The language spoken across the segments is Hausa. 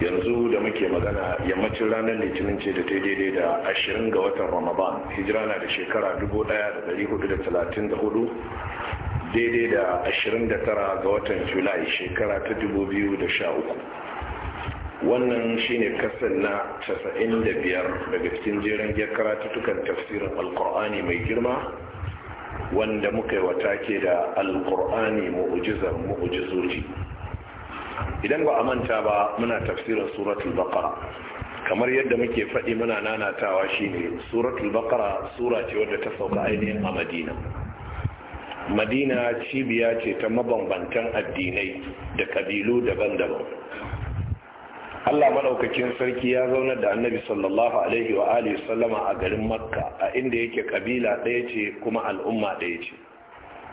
yanzu da muke magana yammacin ranar litinin ce da ta daidai da ashirin ga watan ramadan hijira na da shekara 1434 daidai da ashirin da tara ga watan julai shekara ta 2013 wannan shine kasan na 95 daga cikin jerin ya karatutukan tafsirin alkur'ani mai girma wanda muka yi wata ke da alkur'ani mu'ujizar ma'ujizoji idan ba a manta ba muna tafsirin suratul baqara kamar yadda muke faɗi muna nanatawa shine suratul baqara sura ce wadda ta sauka ainihin a madina madina cibiya ce ta mabambantan addinai da kabilu daban-daban Allah madaukakin sarki ya zauna da annabi sallallahu alaihi wa alihi sallama a garin makka a inda yake kabila ɗaya ce kuma al'umma ɗaya ce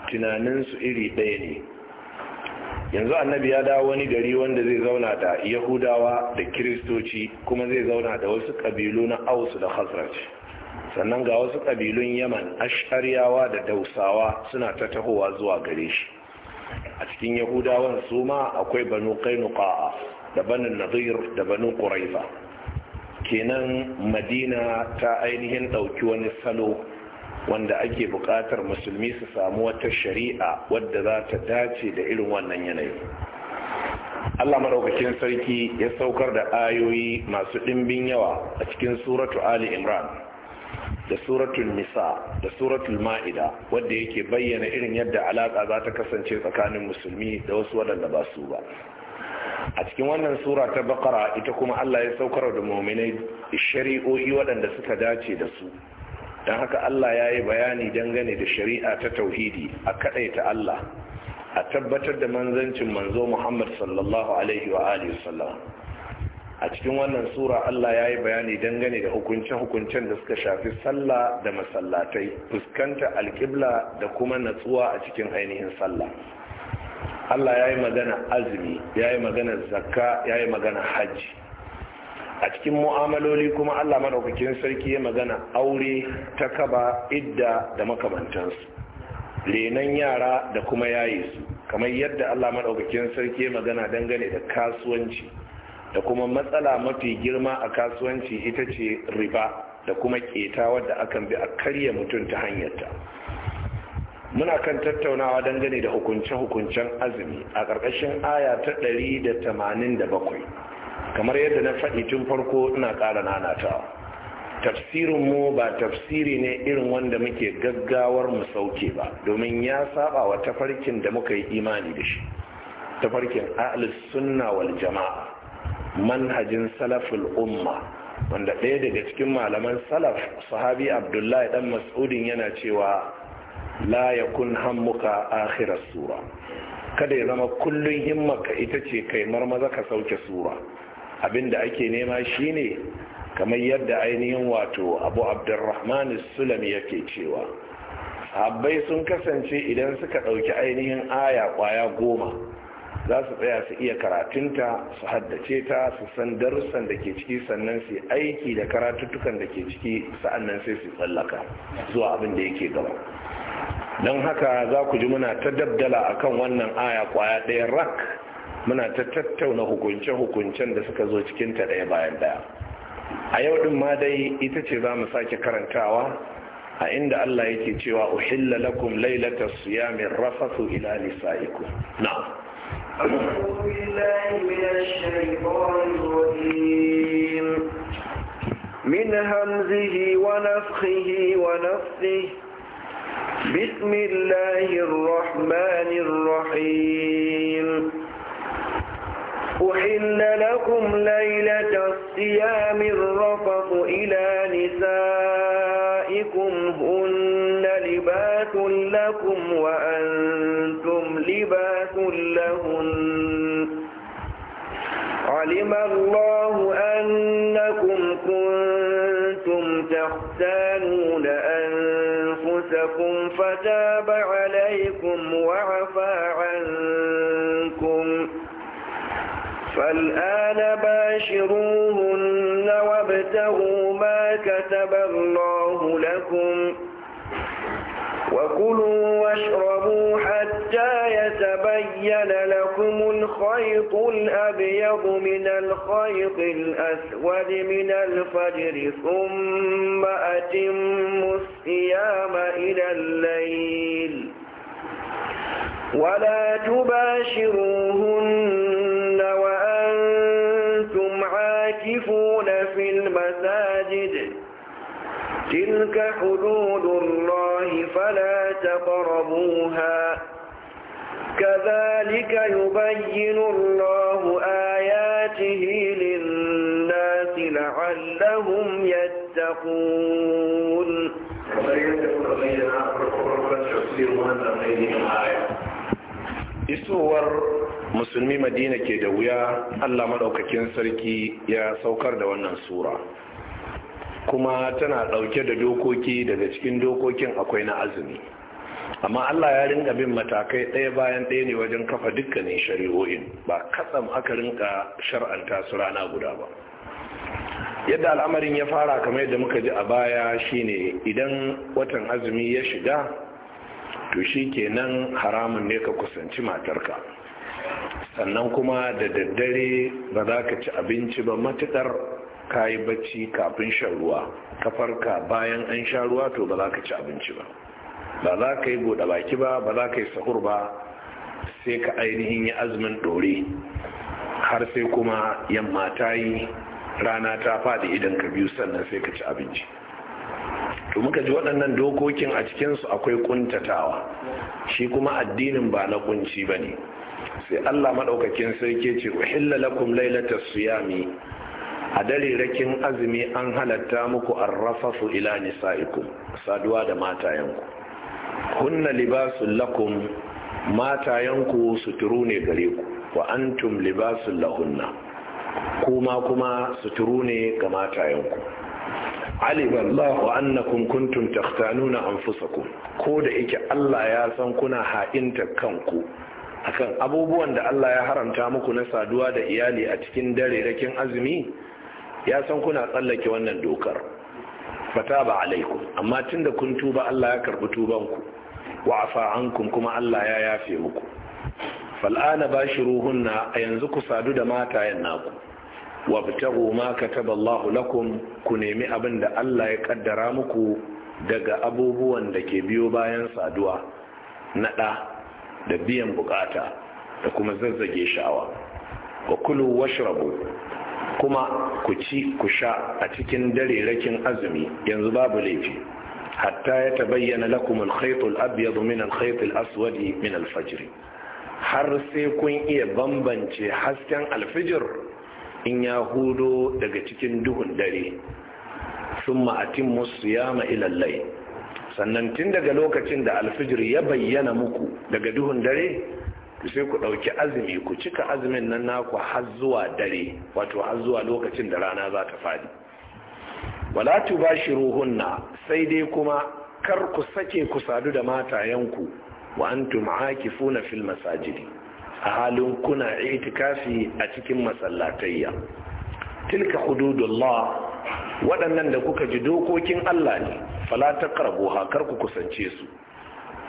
tunaninsu iri ɗaya ne yanzu annabi ya dawo wani gari wanda zai zauna da yahudawa da kiristoci kuma zai zauna da wasu ƙabilu na ausu da khazraj sannan ga wasu ƙabilun yaman ashariyawa da dausawa suna ta tahowa zuwa gare shi a cikin yahudawan su ma akwai banu kainuka da banu nazir da banu ƙuraifa kenan madina ta ainihin ɗauki wani salo wanda ake buƙatar musulmi su samu wata shari'a wadda za ta dace da irin wannan yanayi Allah maraukakin sarki ya saukar da ayoyi masu ɗimbin yawa a cikin suratu Ali Imran da suratul Nisa da suratul Ma'ida wadda yake bayyana irin yadda alaƙa za ta kasance tsakanin musulmi da wasu waɗanda ba su ba. A cikin wannan sura ta Baqara ita kuma Allah ya saukar da muminai shari'o'i waɗanda suka dace da su don haka Allah ya yi bayani dangane da shari'a ta tauhidi a kaɗai ta Allah a tabbatar da manzancin manzo Muhammad sallallahu alaihi wa alihi sallam a cikin wannan sura Allah ya yi bayani dangane da hukunce-hukuncen da suka shafi sallah da masallatai fuskanta alƙibla da kuma natsuwa a cikin ainihin sallah Allah ya yi magana azumi ya yi magana zakka ya yi magana hajji a cikin mu'amaloli kuma Allah madaukakin sarki ya magana aure ta kaba idda da makamantansu renon yara da kuma yayi su kamar yadda Allah madaukakin sarki ya magana dangane da kasuwanci da kuma matsala mafi girma a kasuwanci ita ce riba da kuma keta wadda akan bi a karya mutum ta hanyarta muna kan tattaunawa dangane da hukunce-hukuncen azumi a ƙarƙashin aya ta 187 kamar yadda na faɗi tun farko ina ƙara nanatawa mu ba tafsiri ne irin wanda muke gaggawar mu sauke ba domin ya saba wa tafarkin da muka yi imani da shi tafarkin ahlus sunna wal jama'a manhajin salaful umma wanda ɗaya daga cikin malaman salaf sahabi abdullahi dan mas'udin yana cewa la yakun hammuka akhirar sura kada ya zama kullun himmarka ita ce kai marmaza ka sauke sura Abin da ake nema shi ne kamar yadda ainihin wato abu abdurrahman sulami yake cewa habbai sun kasance idan suka ɗauki ainihin aya ƙwaya goma za su tsaya su iya karatunta su haddace ta su san darussan da ke ciki sannan su aiki da karatuttukan da ke ciki sa'annan sai su tsallaka zuwa abin da yake gaba don haka za ku ji muna ta dabdala akan wannan aya kwaya ɗaya rak muna ta tattauna hukunce-hukuncen da suka zo cikin ta ɗaya bayan ɗaya a yau ɗin ma dai ita ce za mu sake karantawa a inda Allah yake cewa uhilla lakum lailata siyamin rafasu ila nisa'ikum na'am من همزه ونفخه ونفثه بسم الله الرحمن الرحيم أحل لكم ليلة الصيام الرفض إلى نسائكم هن لباس لكم وأنتم لباس لهن علم الله أنكم كنتم تختانون أنفسكم فتاب عليكم وعفى عنكم فالآن باشروهن وابتغوا ما كتب الله لكم وكلوا واشربوا حتى يتبين لكم الخيط الأبيض من الخيط الأسود من الفجر ثم أتموا الصيام إلى الليل ولا تباشروهن وأنتم عاكفون في المساجد تلك حدود الله فلا تقربوها كذلك يبين الله آياته للناس لعلهم يتقون isowar musulmi madina ke da wuya allah maɗaukakin sarki ya saukar da wannan sura kuma tana ɗauke da dokoki daga cikin dokokin akwai na azumi amma allah ya ringa bin matakai ɗaya bayan ɗaya ne wajen kafa dukkanin shari'o'in ba katsam aka rinka shar'anta su rana guda ba yadda al'amarin ya fara kamar yadda muka ji a baya shine idan watan azumi ya shiga to shi kenan haramun ne ka kusanci matarka sannan kuma da daddare ba za ka ci abinci ba matuƙar ka yi bacci kafin shan ruwa ka farka bayan an sha ruwa to ba za ka ci abinci ba ba za ka yi buɗe baki ba ba za ka yi sahur ba sai ka ainihin yi azumin ɗore har sai kuma yamma ta yi rana ta faɗi idan ka biyu sannan sai ka ci abinci to muka ji waɗannan dokokin a cikinsu akwai ƙuntatawa, shi kuma addinin ba na kunci ba ne sai allah maɗaukakin sarki ce uhilla lakum lailata suyami a dare rakin azumi an halatta muku rafafu ila nisa'ikum saduwa da matayenku hunna libasun lakum matayenku suturu ne gare ku wa antum libasun lahunna kuma kuma suturu ne ga matayenku alim Allah annakum kuntum takhtanuna anfusakum ko da yake Allah ya san kuna ha'inta kanku akan abubuwan da Allah ya haramta muku na saduwa da iyali a cikin dare rakin azumi ya san kuna tsallake wannan dokar fata ba alaikum amma tunda kun tuba Allah ya karbi tubanku wa afa ankum kuma Allah ya yafe muku fal'ana bashiruhunna a yanzu ku sadu da matayen naku wabtahu ma kataba Allahu lakum ku nemi abin da Allah ya kaddara muku daga abubuwan da ke biyo bayan saduwa na ɗa da biyan bukata da kuma zazzage sha'awa wa kulu washrabu kuma ku ci ku sha a cikin dare rakin azumi yanzu babu laifi hatta ya tabayyana lakum al-khayt al-abyad min al-khayt aswad min al-fajr har sai kun iya bambance hasken alfijir in ya hudo daga cikin duhun dare sun ma'atin musu ya ma'ilallai sannan tun daga lokacin da alfijir ya bayyana muku daga duhun dare sai ku ɗauki azumi ku cika azumin nan naku har zuwa dare wato har zuwa lokacin da rana za ta faɗi wala ruhunna sai dai kuma kar ku sake ku sadu da matayenku wa antum aakifuna fil masajidi a halin kuna itikafi a cikin masallatayya tilka hududullah waɗannan da kuka ji dokokin Allah ne fala taqrabu ha kar ku kusance su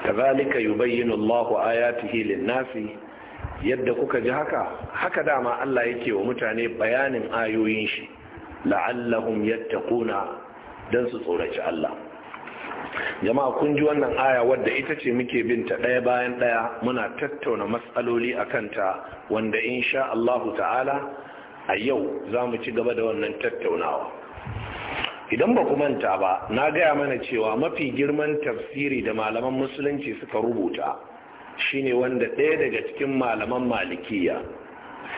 kazalika yubayyinu Allahu ayatihi lin-nasi yadda kuka ji haka haka dama Allah yake wa mutane bayanin ayoyin shi la'allahum yattaquna dan su tsoraci Allah jama'a kun ji wannan aya wadda ita ce muke binta ɗaya bayan ɗaya muna tattauna matsaloli a kanta wanda insha Allahu ta'ala a yau za mu ci gaba da wannan tattaunawa idan ba ku manta ba na gaya mana cewa mafi girman tafsiri da malaman musulunci suka rubuta shine wanda ɗaya daga cikin malaman malikiya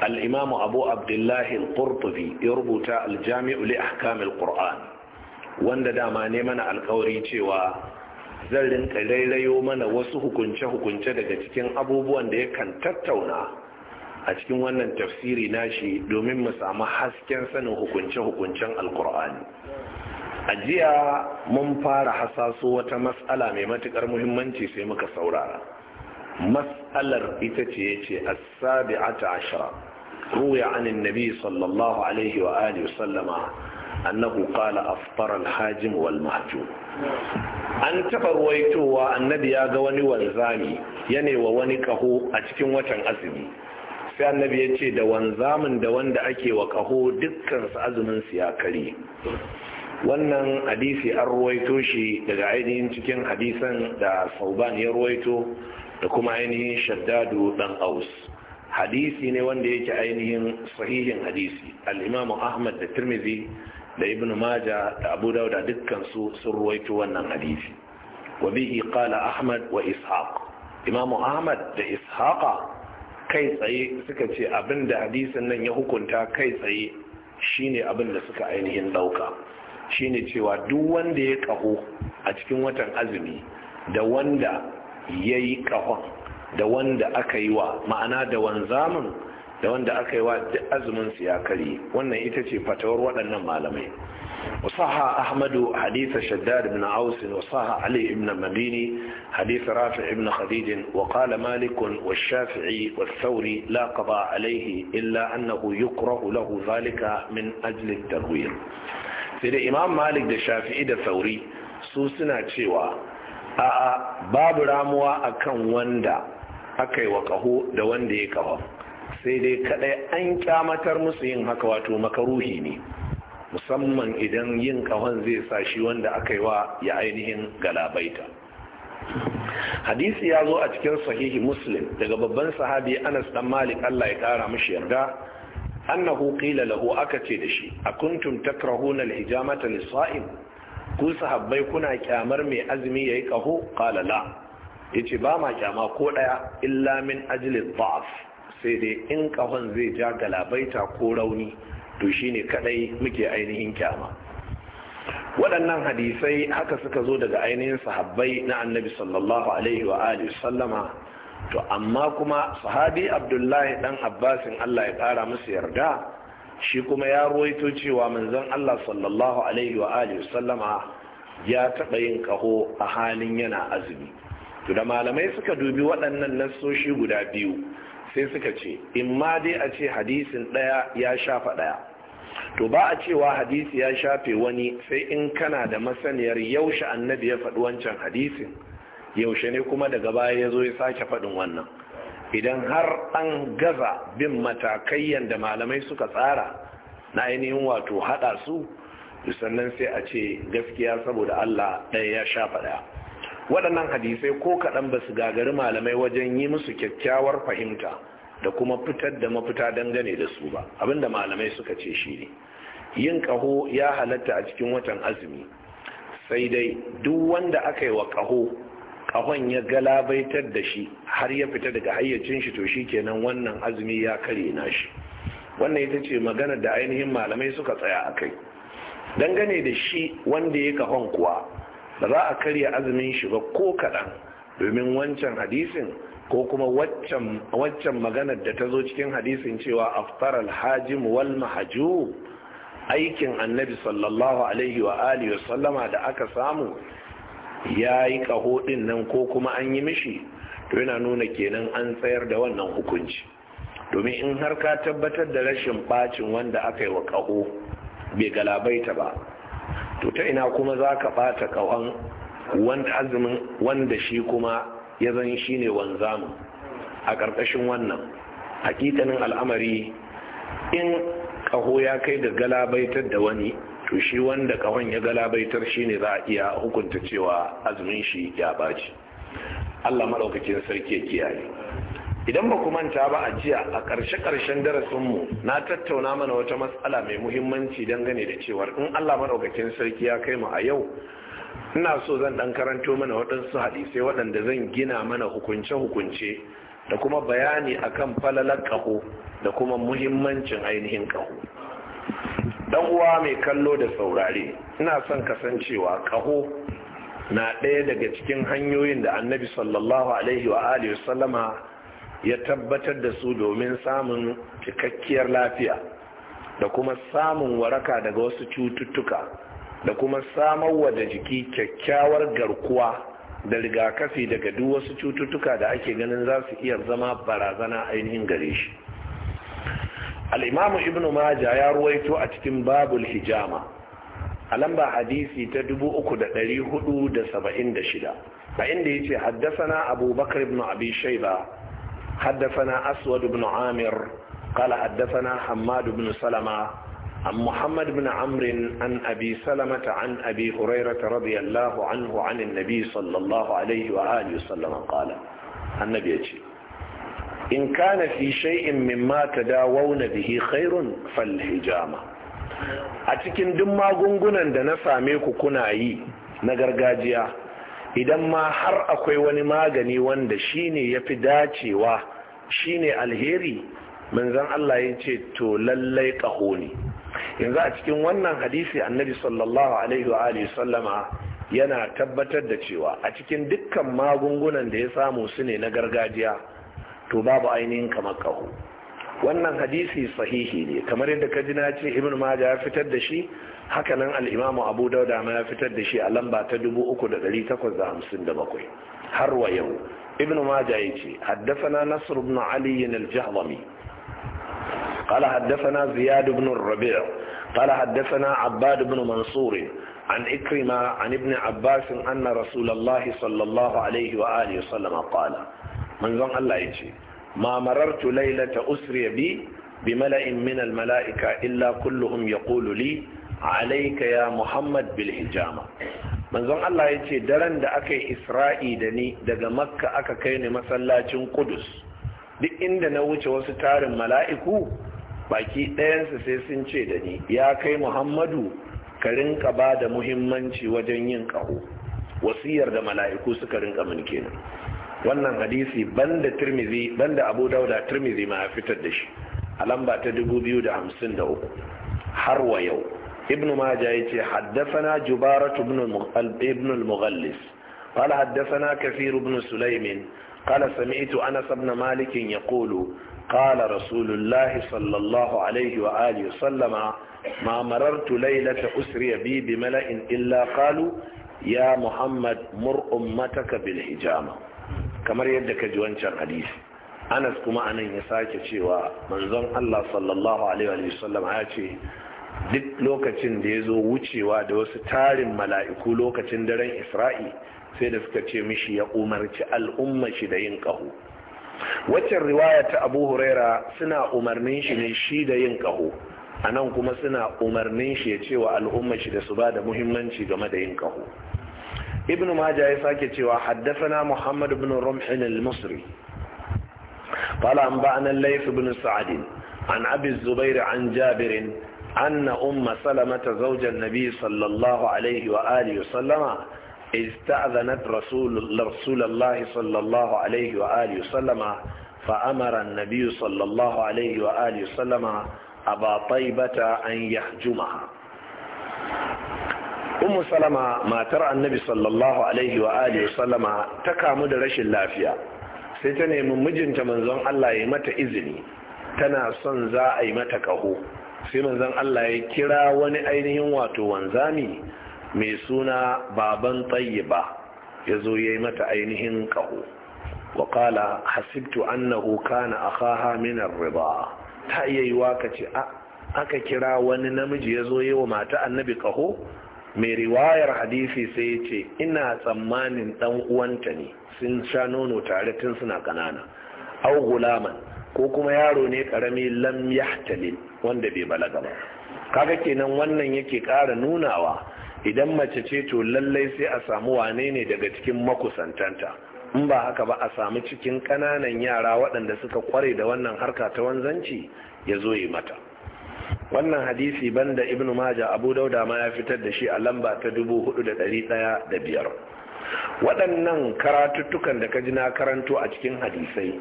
al-imamu abu abdullahi al-qurtubi ya rubuta al-jami'u li ahkamil quran wanda dama ne mana alkawari cewa zan rinka rairayo mana wasu hukunce-hukunce daga cikin abubuwan da ya kan tattauna a cikin wannan tafsiri nashi domin mu samu hasken sanin hukunce-hukuncen alkur'ani a jiya mun fara hasaso wata matsala mai matukar muhimmanci sai muka saurara matsalar ita ce ya ce asabi'ata ashira ruwa anin nabi sallallahu alaihi wa alihi wasallama annahu kala afṭara al-hajim wal mahjum an taba ruwaitowa annabi ya ga wani wanzami ya wa wani kaho a cikin watan azumi sai annabi ya ce da wanzamin da wanda ake wa kaho dukkan su azumin su ya kare wannan hadisi an ruwaito shi daga ainihin cikin hadisan da sauban ya ruwaito da kuma ainihin shaddadu dan aus hadisi ne wanda yake ainihin sahihin hadisi al-imamu ahmad da tirmidhi da ibn maja da abu dauda dukkan su sun ruwaito wannan hadisi wa bihi qala ahmad wa ishaq imamu ahmad da ishaqa kai tsaye suka ce abinda hadisin nan ya hukunta kai tsaye shine abinda suka ainihin dauka shine cewa duk wanda ya kaho a cikin watan azumi da wanda yayi kahon da wanda aka yi wa ma'ana da wanzamin da wanda aka yi wa azumin su ya kare wannan ita ce fatawar waɗannan malamai وصح أحمد حديث شداد بن عوس وصح علي بن مديني حديث رافع بن خديج وقال مالك والشافعي والثوري لا قضاء عليه إلا أنه يكره له ذلك من أجل التغوير سيدة إمام مالك ده شافعي ده ثوري سوسنا تشيوا باب راموا أكن وندا أكي وقهو ده وندي كهو sai dai kadai an kyamatar musu yin haka wato makaruhi ne musamman idan yin kahon zai sa shi wanda aka yi wa ya ainihin galabaita hadisi ya zo a cikin sahihi muslim daga babban sahabi anas dan malik allah ya kara mashi yarda annahu qila lahu aka ce da shi akuntum takrahuna alhijamata lisa'im ku sahabbai kuna kyamar mai azumi yayi kaho qala la yace ba ma kyama ko daya illa min ajli dhaf sai dai in kafan zai ja galabaita ko rauni to shine kadai muke ainihin kyama waɗannan hadisai haka suka zo daga ainihin sahabbai na annabi sallallahu alaihi wa alihi sallama to amma kuma sahabi abdullahi dan abbasin Allah ya ƙara musu yarda shi kuma ya ruwaito cewa manzon Allah sallallahu alaihi wa alihi sallama ya taɓa yin kaho a halin yana azumi to da malamai suka dubi waɗannan nassoshi guda biyu sai suka ce in ma dai a ce hadisin ɗaya ya shafa ɗaya to ba a cewa hadisi ya shafe wani sai in kana da masaniyar yaushe annabi ya faɗi wancan hadisin yaushe ne kuma daga baya ya zo ya sake faɗin wannan idan har an gaza bin matakai da malamai suka tsara na ainihin wato haɗa su sannan sai a ce gaskiya saboda Allah ɗaya ya shafa ɗaya waɗannan hadisai ko kaɗan ba su gagari malamai wajen yi musu kyakkyawar fahimta da kuma fitar da mafita dangane da su ba abinda malamai suka ce shi ne yin ƙaho ya halatta a cikin watan azumi sai dai duk wanda aka yi wa ƙaho ƙahon ya galabaitar da shi har ya fita daga hayyacin shi to shi kenan wannan azumi ya kare na shi wannan ita ce maganar da ainihin malamai suka tsaya a kai dangane da shi wanda ya ƙahon kuwa ba za a karya azumin shi ba ko kaɗan domin wancan hadisin ko kuma waccan maganar da ta zo cikin hadisin cewa aftar alhajim wal mahaju aikin annabi sallallahu alaihi wa alihi wa sallama da aka samu ya yi kaho din nan ko kuma an yi mishi to yana nuna kenan an tsayar da wannan hukunci domin in har ka tabbatar da rashin bacin wanda aka yi wa kaho bai galabaita ba to ta ina kuma za ka ɓata ƙawan wanda azumin wanda shi kuma ya zan shi ne wanzamin a ƙarƙashin wannan hakikanin al'amari in ƙaho ya kai da galabaitar da wani to shi wanda ƙahon ya galabaitar shi ne za a iya hukunta cewa azumin shi ya ɓaci allah maɗaukakin sarki ya kiyaye idan ba ku manta ba a jiya a ƙarshe-ƙarshen darasinmu na tattauna mana wata matsala mai muhimmanci dangane da cewar in allah maɗaukakin sarki ya kai mu a yau ina so zan ɗan karanto mana waɗansu hadisai waɗanda zan gina mana hukunce-hukunce da kuma bayani a kan falalar ƙaho da kuma muhimmancin ainihin ƙaho ɗan uwa mai kallo da saurare ina son kasancewa ƙaho na ɗaya daga cikin hanyoyin da annabi sallallahu alaihi wa alihi wasallama ya tabbatar da su domin samun cikakkiyar lafiya da kuma samun waraka daga wasu cututtuka da kuma samarwa da jiki kyakkyawar garkuwa da rigakafi daga duk wasu cututtuka da ake ganin za su iya zama barazana ainihin gare shi al'imamu ibn maja ya ruwaito a cikin babul hijama a lamba hadisi ta 3476 a inda ya ce haddasa na abubakar ibn abi shaiba حدثنا أسود بن عامر قال حدثنا حماد بن سلمة عن محمد بن عمرو عن أبي سلمة عن أبي هريرة رضي الله عنه عن النبي صلى الله عليه وآله وسلم قال النبي يجي إن كان في شيء مما تداوون به خير فالحجامة أتكن دم ما قنقنا دنفع ميكو كنا na gargajiya idan ma har akwai wani magani wanda shine ya fi dacewa shine alheri manzan Allah ya ce to lallai ƙaho ne yanzu a cikin wannan hadisi annabi sallallahu alaihi wa sallama yana tabbatar da cewa a cikin dukkan magungunan da ya samu su ne na gargajiya to babu ainihin kamar ƙaho wannan hadisi sahihi ne kamar yadda ka ji na ce ibn majah ya fitar da shi hakanan al'imamu abu dauda ma ya fitar da shi a lamba ta 3,857 har wa yau ibn majah ya ce haddafana nasiru ibn aliyin al-jahwami kala haddafana ziyad ibn rabi'a kala haddafana abbad ibn mansuri an ikrima an ibn abbasin anna rasulallahi sallallahu alaihi wa alihi sallama kala manzon allah ya ce ma marartu lailata usriya bi bi mala'in min al-mala'ika illa kulluhum yaqulu li alaika ya muhammad bil hijama manzon Allah ya ce daren da aka yi isra'i da ni daga makka aka kai ni masallacin kudus duk inda na wuce wasu tarin mala'iku baki ɗayansu sai sun ce da ni ya kai muhammadu ka rinka ba da muhimmanci wajen yin ƙaho wasiyar da mala'iku suka rinka min kenan wannan hadisi banda tirmizi banda abu dauda tirmizi ma ya fitar da shi a lamba ta 2053 har wa yau ibn majah yace haddathana jubarat ibn al-mughallis قال حدثنا كثير بن سليم قال سمعت أنس بن مالك يقول قال رسول الله صلى الله عليه وآله وسلم ما مررت ليلة أسري بي بملأ إلا قالوا يا محمد مر أمتك بالحجامة كما يدك جوانشا حديث أنس كما أنا يساك شيوا من ظن الله صلى الله عليه وآله وسلم عاتي duk lokacin da ya zo wucewa da wasu tarin mala'iku lokacin daren isra'i sai da suka ce mishi ya umarci al'umma shi da yin ƙaho waccan riwaya ta abu huraira suna umarnin shi ne shi da yin ƙaho a nan kuma suna umarnin shi ya cewa al'umma shi da su ba da muhimmanci game da yin ƙaho ibn maja ya sake cewa haddasana muhammad ibn rumhin al-musri قال أنبأنا الليث بن سعد عن أبي الزبير عن جابر anna umma salamata zaujan nabi sallallahu alaihi wa alihi sallama استأذنت رسول رسول الله صلى الله عليه وآله وسلم فأمر النبي صلى الله عليه وآله وسلم أبا طيبة أن يحجمها ummu salama matar annabi sallallahu alaihi wa alihi sallama ta kamu da rashin lafiya sai ta nemi mijinta manzon Allah ya mata izini tana son za a yi mata kaho sai zan Allah ya kira wani ainihin wato wanzami mai suna baban tayyiba ya zo ya yi mata ainihin ƙaho Wakala, hasibtu annahu kana a min ar-riba ta iya yi waka ce aka kira wani namiji ya zo wa mata annabi ƙaho mai riwayar hadisi sai ya ce ina tsammanin ɗan uwanta ne sun sha nono tare tun suna ƙanana au gulaman ko kuma yaro ne karami lam yahtalil wanda bai balaga ba kaga kenan wannan yake ƙara nunawa idan mace ce to lallai sai a samu wane ne daga cikin makusantanta in ba haka ba a samu cikin ƙananan yara waɗanda suka kware da wannan harka ta wanzanci ya zo yi mata wannan hadisi banda ibnu maja abu dauda ma ya fitar da shi a lamba ta dubu hudu da da dari biyar. waɗannan karatuttukan da ka ji na karanto a cikin hadisai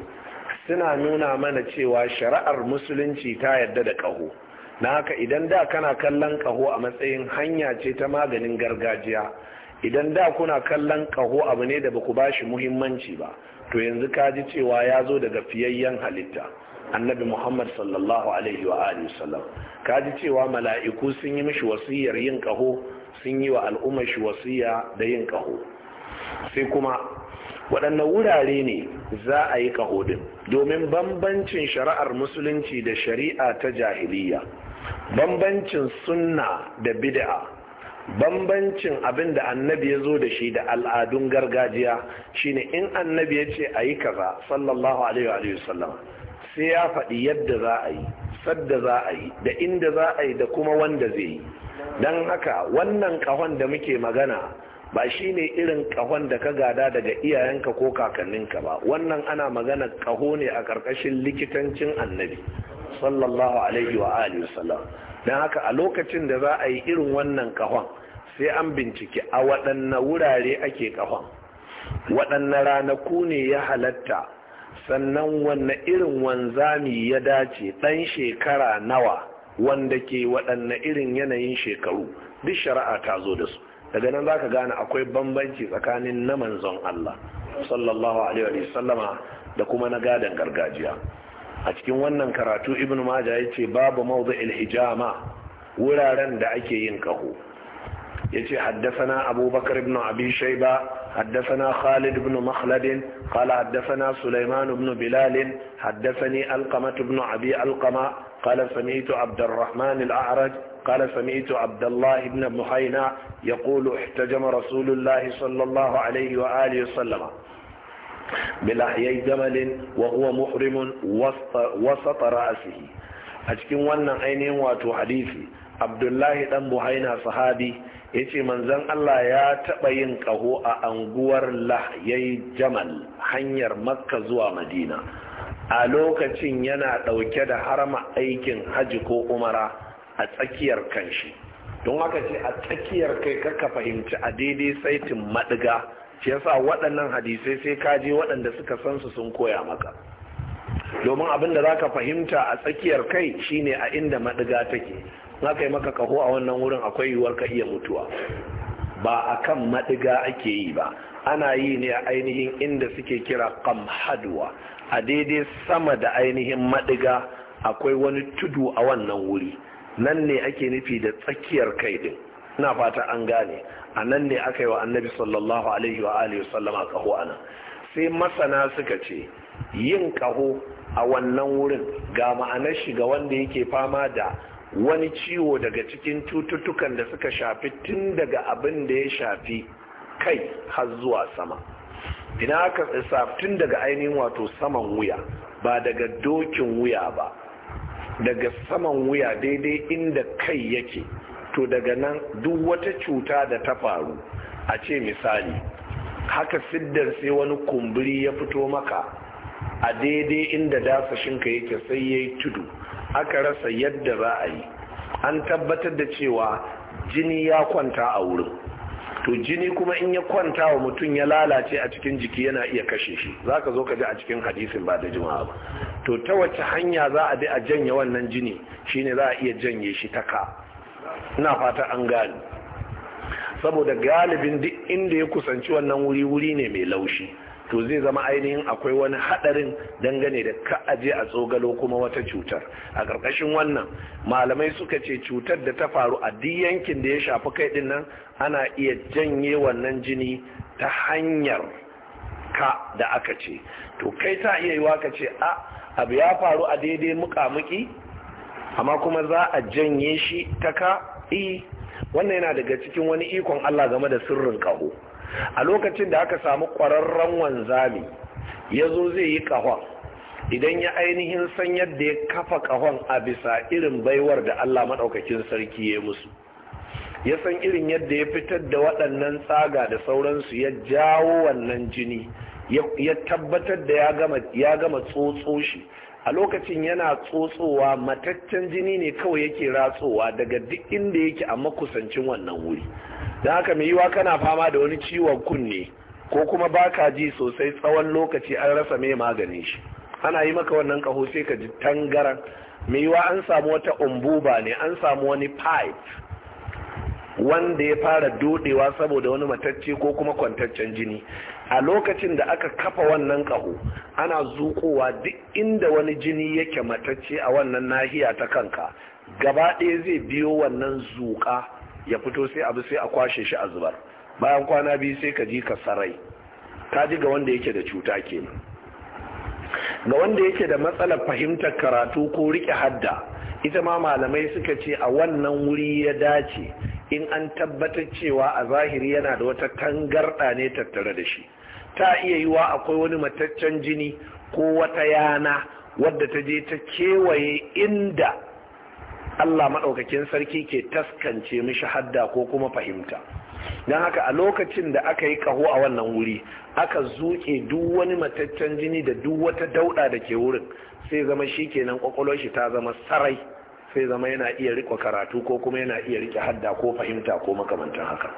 suna nuna mana cewa shari'ar musulunci ta yadda da ƙaho na haka idan da kana kallon ƙaho a matsayin hanya ce ta maganin gargajiya idan da kuna kallon ƙaho abu ne da baku bashi muhimmanci ba to yanzu ka ji cewa ya zo daga fiyayyen halitta annabi muhammad sallallahu alaihi wa alihi sallam ka ji cewa mala'iku sun yi mishi wasiyar yin ƙaho sun yi wa al'ummar shi wasiya da yin ƙaho sai kuma waɗanne wurare ne za a yi kahodin? domin bambancin shari'ar musulunci da shari'a ta jahiliya bambancin sunna da bid'a bambancin abin da annabi ya zo da shi da al'adun gargajiya shine in annabi ya ce a yi kaza sallallahu alaihi wa sallam sai ya faɗi yadda za a yi sadda za a yi da inda za a yi da kuma wanda zai yi don haka wannan kahon da muke magana ba shi ne irin kahon da ka gada daga iyayenka ko kakanninka ba wannan ana magana kaho ne a ƙarƙashin likitancin annabi sallallahu alaihi wa alihi wasallam don haka a lokacin da za a yi irin wannan kahon sai an bincike a waɗanne wurare ake kahon waɗanne ranaku ne ya halatta sannan wanne irin wanzami ya dace ɗan shekara nawa wanda ke waɗanne irin yanayin shekaru duk shari'a ta zo da su daga nan zaka gane akwai bambanci tsakanin na manzon Allah sallallahu alaihi wa sallama da kuma na gadon gargajiya a cikin wannan karatu ibnu maja yace babu mawdu'il hijama wuraren da ake yin kaho yace haddasana abubakar ibn abi shaiba haddathana khalid ibn makhlad qala haddathana sulaiman ibn haddasa ni alqamah ibn abi alqama قال سمعت عبد الرحمن الأعرج قال سمعت عبد الله بن محينا يقول احتجم رسول الله صلى الله عليه وآله وسلم بلحيي جمل وهو محرم وسط, وسط رأسه أتكين وانا عينين واتو حديثي عبد الله بن محينا صحابي yace manzon Allah ya taɓa yin ƙaho a anguwar lahyai jamal hanyar makka zuwa madina a lokacin yana ɗauke da harama aikin haji ko umara a tsakiyar kanshi don haka ce a tsakiyar kai kaka fahimci a daidai saitin maɗiga shi yasa waɗannan hadisai sai ka je waɗanda suka san su sun koya maka domin abin da zaka fahimta a tsakiyar kai shine a inda maɗiga take za ka yi maka kaho a wannan wurin akwai yiwuwar ka iya mutuwa ba a kan maɗiga ake yi ba ana yi ne a ainihin inda suke kira kamhaduwa. a daidai sama da ainihin madiga akwai wani tudu a wannan wuri nan ne ake nufi da tsakiyar kai din na fata an gane a nan ne aka yi wa annabi sallallahu alaihi wa alihi sallama kaho ana sai masana suka ce yin kaho a wannan wurin ga ma'anar shi ga wanda yake fama da wani ciwo daga cikin cututtukan da suka shafi tun daga abin da ya shafi kai har zuwa sama ina aka tsaf tun daga ainihin wato saman wuya ba daga dokin wuya ba daga saman wuya daidai inda kai yake to daga nan duk wata cuta da ta faru a ce misali haka siddar sai wani kumburi ya fito maka a daidai inda dasashinka yake sai ya yi tudu aka rasa yadda za a yi an tabbatar da cewa jini ya kwanta a wurin to jini kuma in ya kwanta wa mutum ya lalace a cikin jiki yana iya kashe shi za ka zo ka ji a cikin hadisin ba da jima'a ba to ta wace hanya za a bi a janye wannan jini shine za a iya janye shi ta ka ina fata an gane saboda galibin duk inda ya kusanci wannan wuri wuri ne mai laushi to zai zama ainihin akwai wani hadarin dangane da ka aje a tsogalo kuma wata cutar a karkashin wannan malamai suka ce cutar da ta faru a duk yankin da ya shafi kai din nan ana iya janye wannan jini ta hanyar ka da aka ce to kai ta iya yiwa ka ce a abu ya faru a daidai mukamuki amma kuma za a janye shi ta ka i e. wannan yana daga cikin wani ikon Allah game da sirrin kaho a lokacin da aka samu ƙwararren wanzami ya zo zai yi ƙahon idan ya ainihin san yadda ya kafa ƙahon a bisa irin baiwar da allah maɗaukakin sarki ya musu ya san irin yadda ya fitar da waɗannan tsaga da sauransu ya jawo wannan jini ya tabbatar da ya gama tsotsoshi. a lokacin yana tsotsowa mataccen jini ne kawai yake ratsowa daga duk inda yake a makusancin wannan wuri don haka mai yiwa kana fama da wani ciwon kunne ko kuma baka ji sosai tsawon lokaci an rasa mai maganin shi ana yi maka wannan kaho sai ka ji tangaran mai yiwa an samu wata umbuba ne an samu wani pipe wanda ya fara dodewa saboda wani matacce ko kuma kwantaccen jini a lokacin da aka kafa wannan kaho, ana zuƙowa duk inda wani jini yake matacce a wannan nahiya ta kanka gaba ɗaya zai biyo wannan zuƙa ya fito sai abu sai a kwashe shi a zubar bayan kwana biyu sai ka ji ka sarai ka ji ga wanda yake da cuta kenan ga wanda yake da matsalar fahimtar karatu ko riƙe hadda ita ma malamai suka ce a wannan wuri ya dace in an tabbatar cewa a zahiri yana da wata tangarɗa ne tattare da shi ta iya yiwa akwai wani mataccen jini ko wata yana wadda ta je ta kewaye inda Allah maɗaukakin sarki ke taskance mishi hadda ko kuma fahimta don haka a lokacin da aka yi kaho a wannan wuri aka zuke duk wani mataccen jini da duk wata dauɗa da ke wurin sai zama shi kenan kwakwalwar shi ta zama sarai sai zama yana iya rika karatu ko kuma yana iya rike hadda ko fahimta ko makamantan haka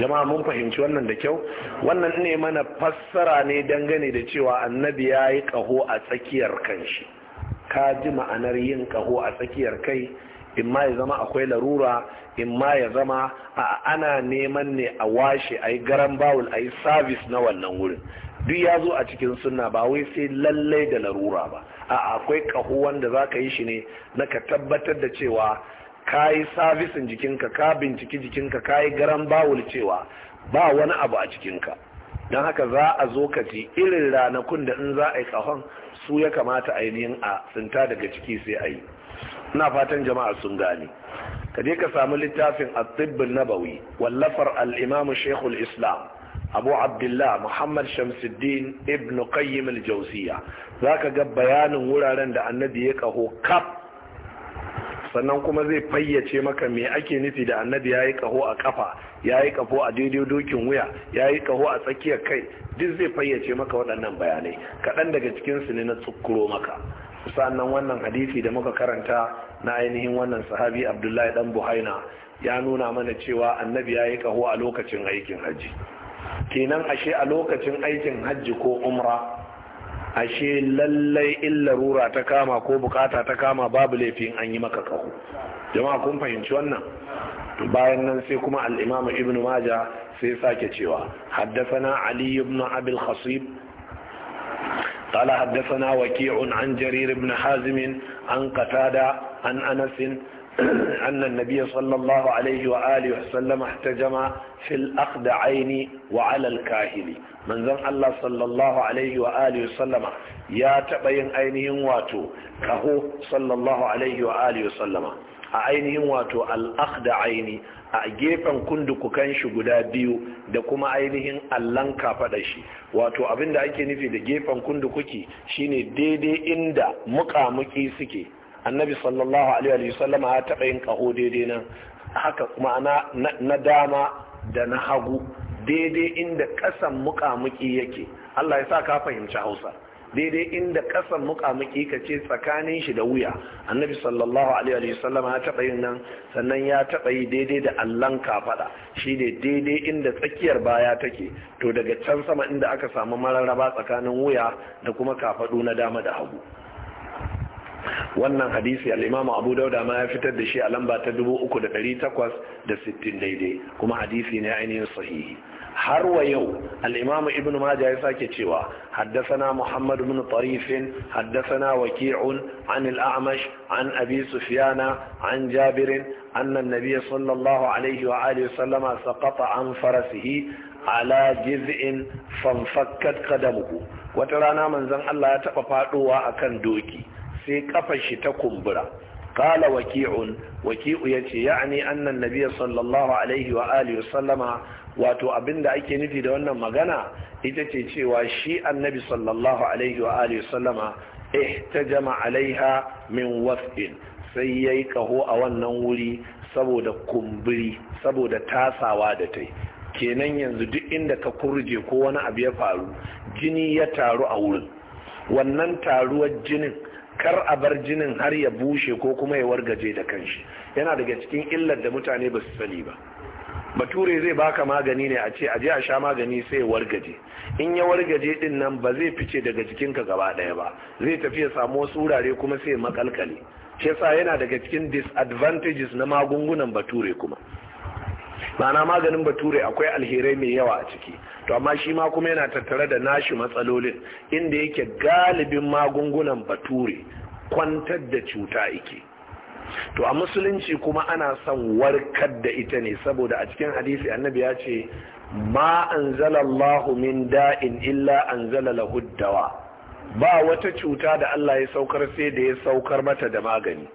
jama'a mun fahimci wannan da kyau wannan ne mana fassara ne dangane da cewa annabi ya yi kaho a tsakiyar kanshi ka ji ma'anar yin kaho a tsakiyar kai in ma ya zama akwai larura in ma ya zama a ana neman ne a washe a yi garan bawul a yi sabis na wannan wurin duk ya zo a cikin sunna ba wai sai lallai da larura ba a akwai kaho wanda za ka yi shi ne na ka tabbatar da cewa ka yi sabisin jikinka ka binciki jikinka ka yi garan bawul cewa ba wani abu a cikinka don haka za a zo ka ci irin ranakun da in za a yi kahon su ya kamata ainihin a sinta daga ciki sai a yi ina fatan jama'a sun gani. ka je ka samu littafin at-tibb nabawi wallafar al-imam islam abu abdullah muhammad shamsuddin ibn qayyim al-jawziya zaka ga bayanin wuraren da annabi ya kaho kaf sannan kuma zai fayyace maka me ake nufi da annabi yayi kaho a kafa yayi kaho a daidai dokin wuya yayi kaho a tsakiyar kai duk zai fayyace maka waɗannan bayanai kaɗan daga cikin su ne na tsukuro maka sannan wannan hadisi da muka karanta na ainihin wannan sahabi abdullahi dan buhaina ya nuna mana cewa annabi yayi yi kaho a lokacin aikin hajji kenan ashe a lokacin aikin hajji ko umra ashe lallai in ta kama ko bukata ta kama babu laifin an yi maka kaho jama'a kun fahimci wannan bayan nan sai kuma al Ibn ibnu maja sai sake cewa haddasana ali ibn abil khasib قال حدثنا an عن جرير بن حازم an قتادة an أنس أن النبي صلى الله عليه وآله وسلم احتجم في الأخدعين وعلى الكاهل من ذن الله صلى الله عليه وآله وسلم يا تبين أينهم واتو كهو صلى الله عليه وآله وسلم أينهم واتو الأخدعين a gefen kundukukan shi guda biyu da kuma ainihin allon kafaɗa shi wato abinda ake nufi da gefen kundukuki shine daidai inda muƙamuƙi suke annabi sallallahu alaihi wasallam ya taɓa yin ƙaho daidai nan haka kuma na dama da na hagu daidai inda ƙasan muƙamuƙi yake Allah ya sa ka fahimci Hausa daidai inda ƙasan muƙamuƙi ka ce tsakanin shi da wuya annabi sallallahu alaihi wasallam ya taɓa yin nan sannan ya taɓa yi daidai da allon kafaɗa shine daidai inda tsakiyar baya take to daga can sama inda aka samu mararraba tsakanin wuya da kuma kafaɗu na dama da hagu wannan hadisi al-imamu abu dauda ma ya fitar da shi a lamba ta 3860 daidai kuma hadisi ne ainihin sahihi har wa yau al-imamu ibnu majah ya sake cewa haddathana muhammad ibn tarif haddathana waki'un an al-a'mash an abi sufyana an jabir anna an-nabiy sallallahu alayhi wa alihi wa sallama saqata an farasihi ala jiz'in fanfakkat qadamuhu wata rana manzon Allah ya taba fadowa akan doki sai kafar shi ta kumbura kala waki'un waki'u yace ya'ani annan an sallallahu alaihi wa alihi sallama wato abinda ake nufi da wannan magana ita ce cewa shi annabi sallallahu alaihi wa alihi sallama ihtajama alaiha min was'in sai yayi kaho a wannan wuri saboda kumburi saboda tasawa da tai kenan yanzu duk inda ka kurje ko wani abu ya faru jini ya taru a wurin wannan taruwar jinin kar a bar jinin har ya bushe ko kuma ya wargaje da kanshi yana daga cikin illar da mutane ba su sani ba bature zai baka magani ne a ce a je a sha magani sai ya wargaje in ya wargaje din nan ba zai fice daga jikinka gaba daya ba zai tafi ya samu wasu wurare kuma sai ya makalkale shi yana daga cikin disadvantages na magungunan bature kuma ma'ana maganin bature akwai alherai mai yawa a ciki to amma shi ma kuma yana tattare da nashi matsalolin inda yake galibin magungunan bature kwantar da cuta ike to a musulunci kuma ana son warkar da ita ne saboda a cikin hadisi annabi ya ce ma anzalallahu min da'in illa anzala lahu dawa ba wata cuta da Allah ya saukar sai da ya saukar mata da magani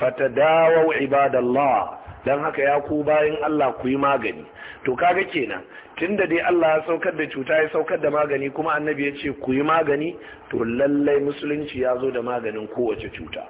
fatadawu ibadallah don haka ya ku bayan Allah ku yi magani to kaga kenan tunda dai Allah ya saukar da cuta ya saukar da magani kuma annabi ya ce ku yi magani to lallai musulunci ya zo da maganin kowace cuta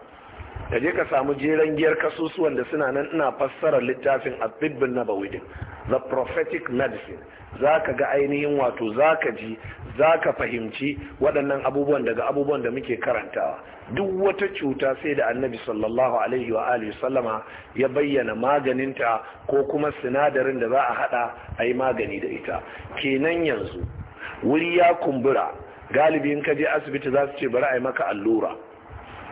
ka je ka samu jeren giyar kasusuwan da suna nan ina fassarar littafin a bibbin na bawidin the prophetic medicine za ka ga ainihin wato za ka ji za ka fahimci waɗannan abubuwan daga abubuwan da muke karantawa duk wata cuta sai da annabi sallallahu alaihi wa alihi sallama ya bayyana maganinta ko kuma sinadarin da za a haɗa a yi magani da ita kenan yanzu wuri ya kumbura galibi in ka je asibiti za su ce bari a yi maka allura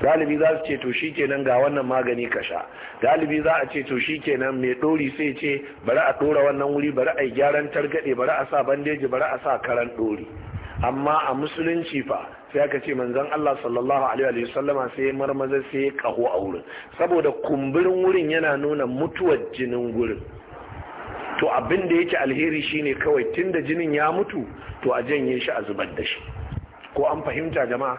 galibi za su ce to shi kenan ga wannan magani ka sha galibi za a ce to shi kenan mai ɗori sai ce bari a ɗora wannan wuri bari a gyaran targaɗe bari a sa bandeji bari a sa karan ɗori amma a musulunci fa sai aka ce manzon Allah sallallahu alaihi wa sallama sai marmaza sai kaho a wurin saboda kumburin wurin yana nuna mutuwar jinin wurin, to abin da yake alheri shine kawai tunda jinin ya mutu to a janye shi a zubar da shi ko an fahimta jama'a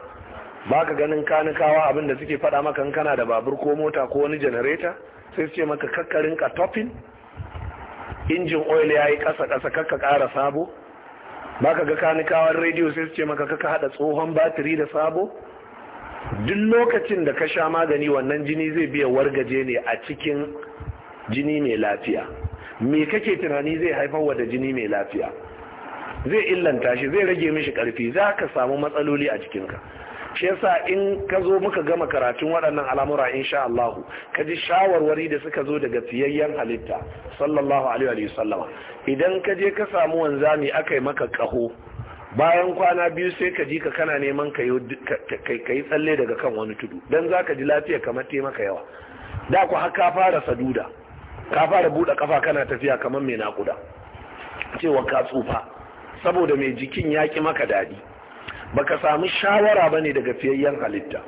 ba ka ganin kanikawa abin da suke fada maka kana da babur ko mota ko wani janareta sai suke maka kakkarin ka topping injin oil ya yi kasa kasa kakka kara sabo ba ka ga kanikawan rediyo sai suke maka kakka haɗa tsohon batiri da sabo duk lokacin da ka sha magani wannan jini zai biya wargaje ne a cikin jini mai lafiya me kake tunani zai haifar wa da jini mai lafiya zai illanta shi zai rage mishi karfi za ka samu matsaloli a cikinka shi yasa in ka zo muka gama karatun waɗannan al'amura insha Allah ka ji shawarwari da suka zo daga fiyayyen halitta sallallahu alaihi wa sallam idan ka je ka samu wanzami akai maka kaho bayan kwana biyu sai ka ji ka kana neman ka yi tsalle daga kan wani tudu dan zaka ji lafiya kamar te maka yawa da ku haka fara saduda ka fara buɗe kafa kana tafiya kamar mai naƙuda cewa ka tsufa saboda mai jikin ya maka daɗi baka samu shawara ba ne daga fiyayyen halitta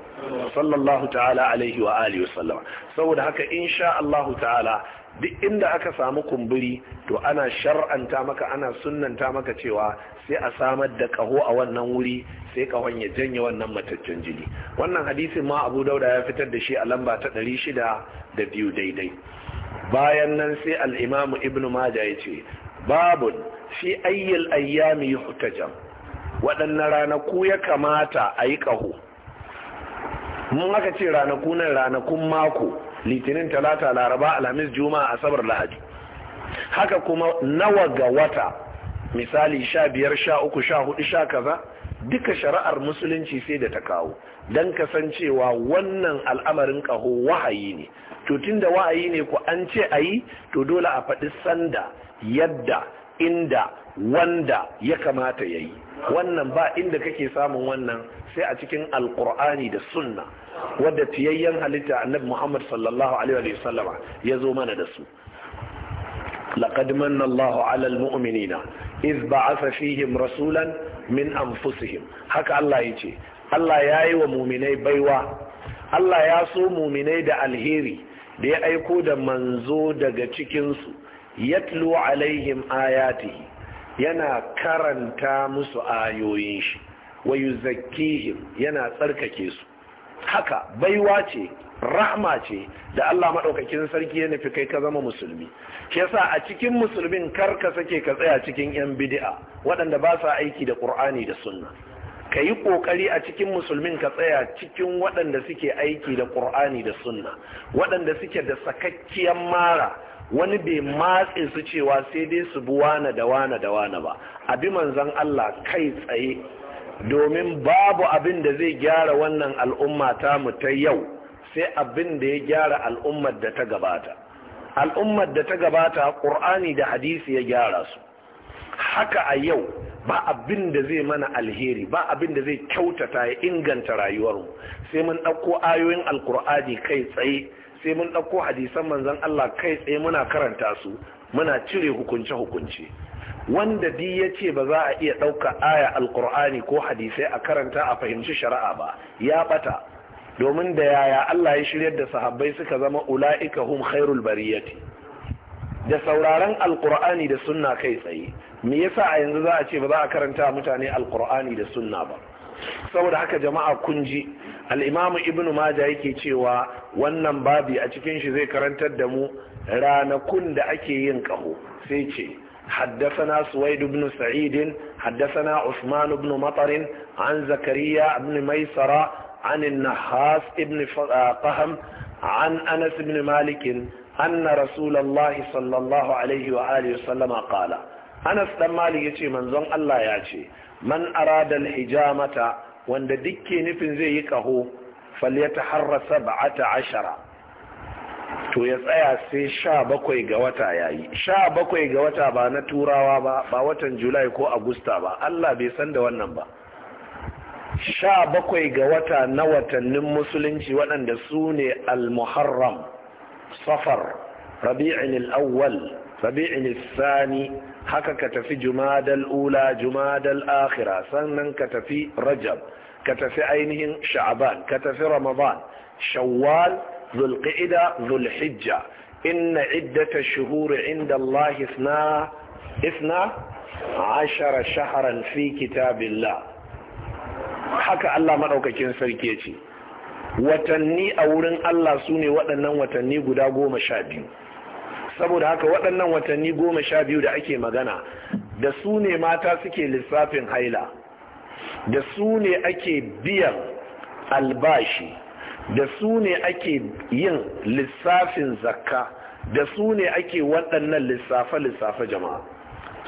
sallallahu ta'ala alaihi wa alihi wasallama saboda haka insha Allah ta'ala duk inda aka samu kumburi to ana shar'anta maka ana sunnanta maka cewa sai a samar da kaho a wannan wuri sai kahon ya janye wannan mataccen jini wannan hadisin ma Abu Dauda ya fitar da shi a lamba ta shida da biyu daidai bayan nan sai al-Imam Ibn Majah ya ce babun fi ayyil ayyami yuhtajam waɗanne ranaku ya kamata a yi ƙaho mun aka ce ranaku nan ranakun mako litinin talata laraba alhamis juma'a asabar lahadi haka kuma nawa ga wata misali sha biyar sha uku sha hudu sha kaza duka shari'ar musulunci sai da ta kawo don kasancewa wannan al'amarin ƙaho wahayi ne to da wahayi ne ku an ce a yi to dole a faɗi sanda yadda inda wanda ya kamata ya yi wannan ba inda kake samun wannan sai a cikin alkur'ani da sunna wadda tiyayyen halitta annab muhammad sallallahu alaihi wa sallama ya zo mana da su laqad manna allahu ala almu'minina iz ba'atha safihim rasulan min anfusihim haka allah yace allah yayi wa mu'minai baiwa allah ya so mu'minai da alheri da ya aiko da manzo daga cikin su yatlu alaihim ayatihi yana karanta musu ayoyin shi wa yuzakkihim yana tsarkake su haka baiwa ce rahma ce da Allah maɗaukakin sarki ya nufi kai ka zama musulmi Ke sa a cikin musulmin kar ka sake ka tsaya cikin yan bid'a waɗanda ba sa aiki da Qur'ani da Sunna ka yi ƙoƙari a cikin musulmin ka tsaya cikin waɗanda suke aiki da ƙur'ani da sunna waɗanda suke da sakakkiyar mara wani bai matse su cewa sai dai su bi wane da wane da wane ba abi manzan Allah kai tsaye domin babu abin da zai gyara wannan al'umma ta mu ta yau sai abin da ya gyara al'ummar da ta gabata al'ummar da ta gabata ƙur'ani da hadisi ya gyara su haka a yau ba abin da zai mana alheri ba abin da zai kyautata ya inganta rayuwar mu, sai mun ɗauko ayoyin alkur'ani kai tsaye sai mun ɗauko hadisan manzan Allah kai tsaye muna karanta su muna cire hukunce-hukunce wanda di ya ce ba za a iya ɗauka aya alkur'ani ko hadisai a karanta a fahimci shari'a ba ya ɓata domin da yaya Allah ya shiryar da sahabbai suka zama ula'ika hum khairul bariyati da sauraron alkur'ani da sunna kai tsaye me yasa a yanzu za a ce ba za a karanta mutane alkur'ani da sunna ba saboda haka jama'a kun ji al'imamu ibnu maja yake cewa wannan babi a cikin shi zai karantar da mu ranakun da ake yin ƙaho sai ce حدثنا سويد بن سعيد حدثنا عثمان بن مطر عن زكريا بن ميسرة عن النحاس بن قهم عن أنس بن مالك أن رسول الله صلى الله عليه وآله وسلم قال أنس بن مالك يتي منزون الله يأتي man aradal hijamata wanda dukke nufin zai yi kaho falyata harra sab'ata ashara to ya tsaya sai sha bakwai ga wata yayi sha bakwai ga wata ba na turawa ba ba watan julai ko agusta ba allah bai san da wannan ba sha bakwai ga wata na watannin musulunci waɗanda su ne al-muharram safar rabi'in al-awwal sabi'in sani haka ka tafi jumadal ula jumadal akhira sannan ka tafi rajab ka tafi ainihin sha'aban ka tafi ramadan shawwal zulqa'ida zulhijja inna iddata shuhuri inda Allah isna isna ashara shahran fi kitabillah haka Allah madaukakin sarki yace watanni a wurin Allah sune waɗannan watanni guda goma sha biyu saboda haka waɗannan watanni goma sha biyu da ake magana da su ne mata suke lissafin haila da su ne ake biyan albashi da su ne ake yin lissafin zakka da su ne ake waɗannan lissafe-lissafe jama'a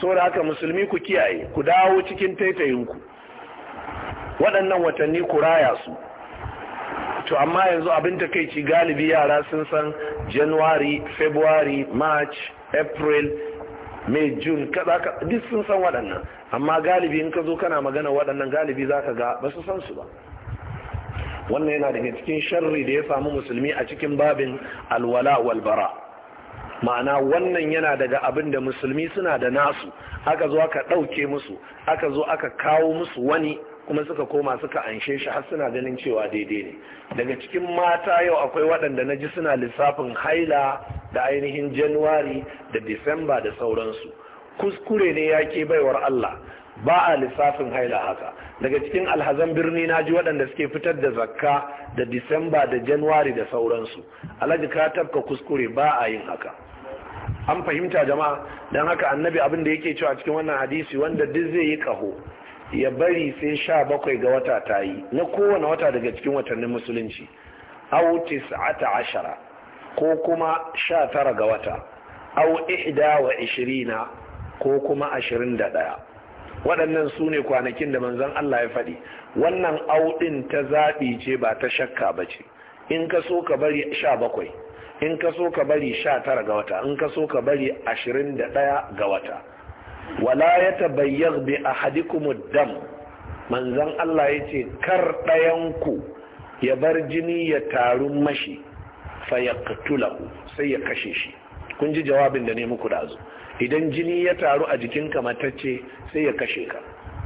saboda haka musulmi ku kiyaye ku dawo cikin taitayinku waɗannan watanni ku raya su to amma yanzu abin takaici galibi yara sun san january february march april mai june kaza ka duk sun san waɗannan amma galibi in ka zo kana magana waɗannan galibi za ka ga ba su san su ba wannan yana daga cikin sharri da ya samu musulmi a cikin babin alwala walbara ma'ana wannan yana daga abin da musulmi suna da nasu aka zo aka ɗauke musu aka zo aka kawo musu wani kuma suka koma suka anshe shi har suna ganin cewa daidai ne daga cikin mata yau akwai waɗanda na ji suna lissafin haila da ainihin januwari da disamba da sauransu kuskure ne ya ke baiwar allah ba a lissafin haila haka daga cikin alhazan birni na ji waɗanda suke fitar da zakka da disamba da januwari da sauransu alhaji ka tafka kuskure ba a yin haka an fahimta jama'a don haka annabi abin da yake cewa cikin wannan hadisi wanda duk zai yi kaho ya bari sai sha bakwai ga wata ta yi na kowane wata daga cikin watannin musulunci au tis'ata ashara ko kuma sha tara ga wata au ihda wa ishirina ko kuma ashirin da ɗaya waɗannan su ne kwanakin da manzon Allah ya faɗi wannan auɗin ta zaɓi ce ba ta shakka ba ce in ka so ka bari sha bakwai in ka so ka bari sha tara ga wata in ka so ka bari ashirin da ɗaya ga wata wala ya tabayyar bi ahadikum dam manzon Allah yace kar ɗayanku ya bar jini ya taru mashi fayaqtulahu sai ya kashe shi kun ji jawabin da ne muku dazu idan jini ya taru a jikin matacce sai ya kashe ka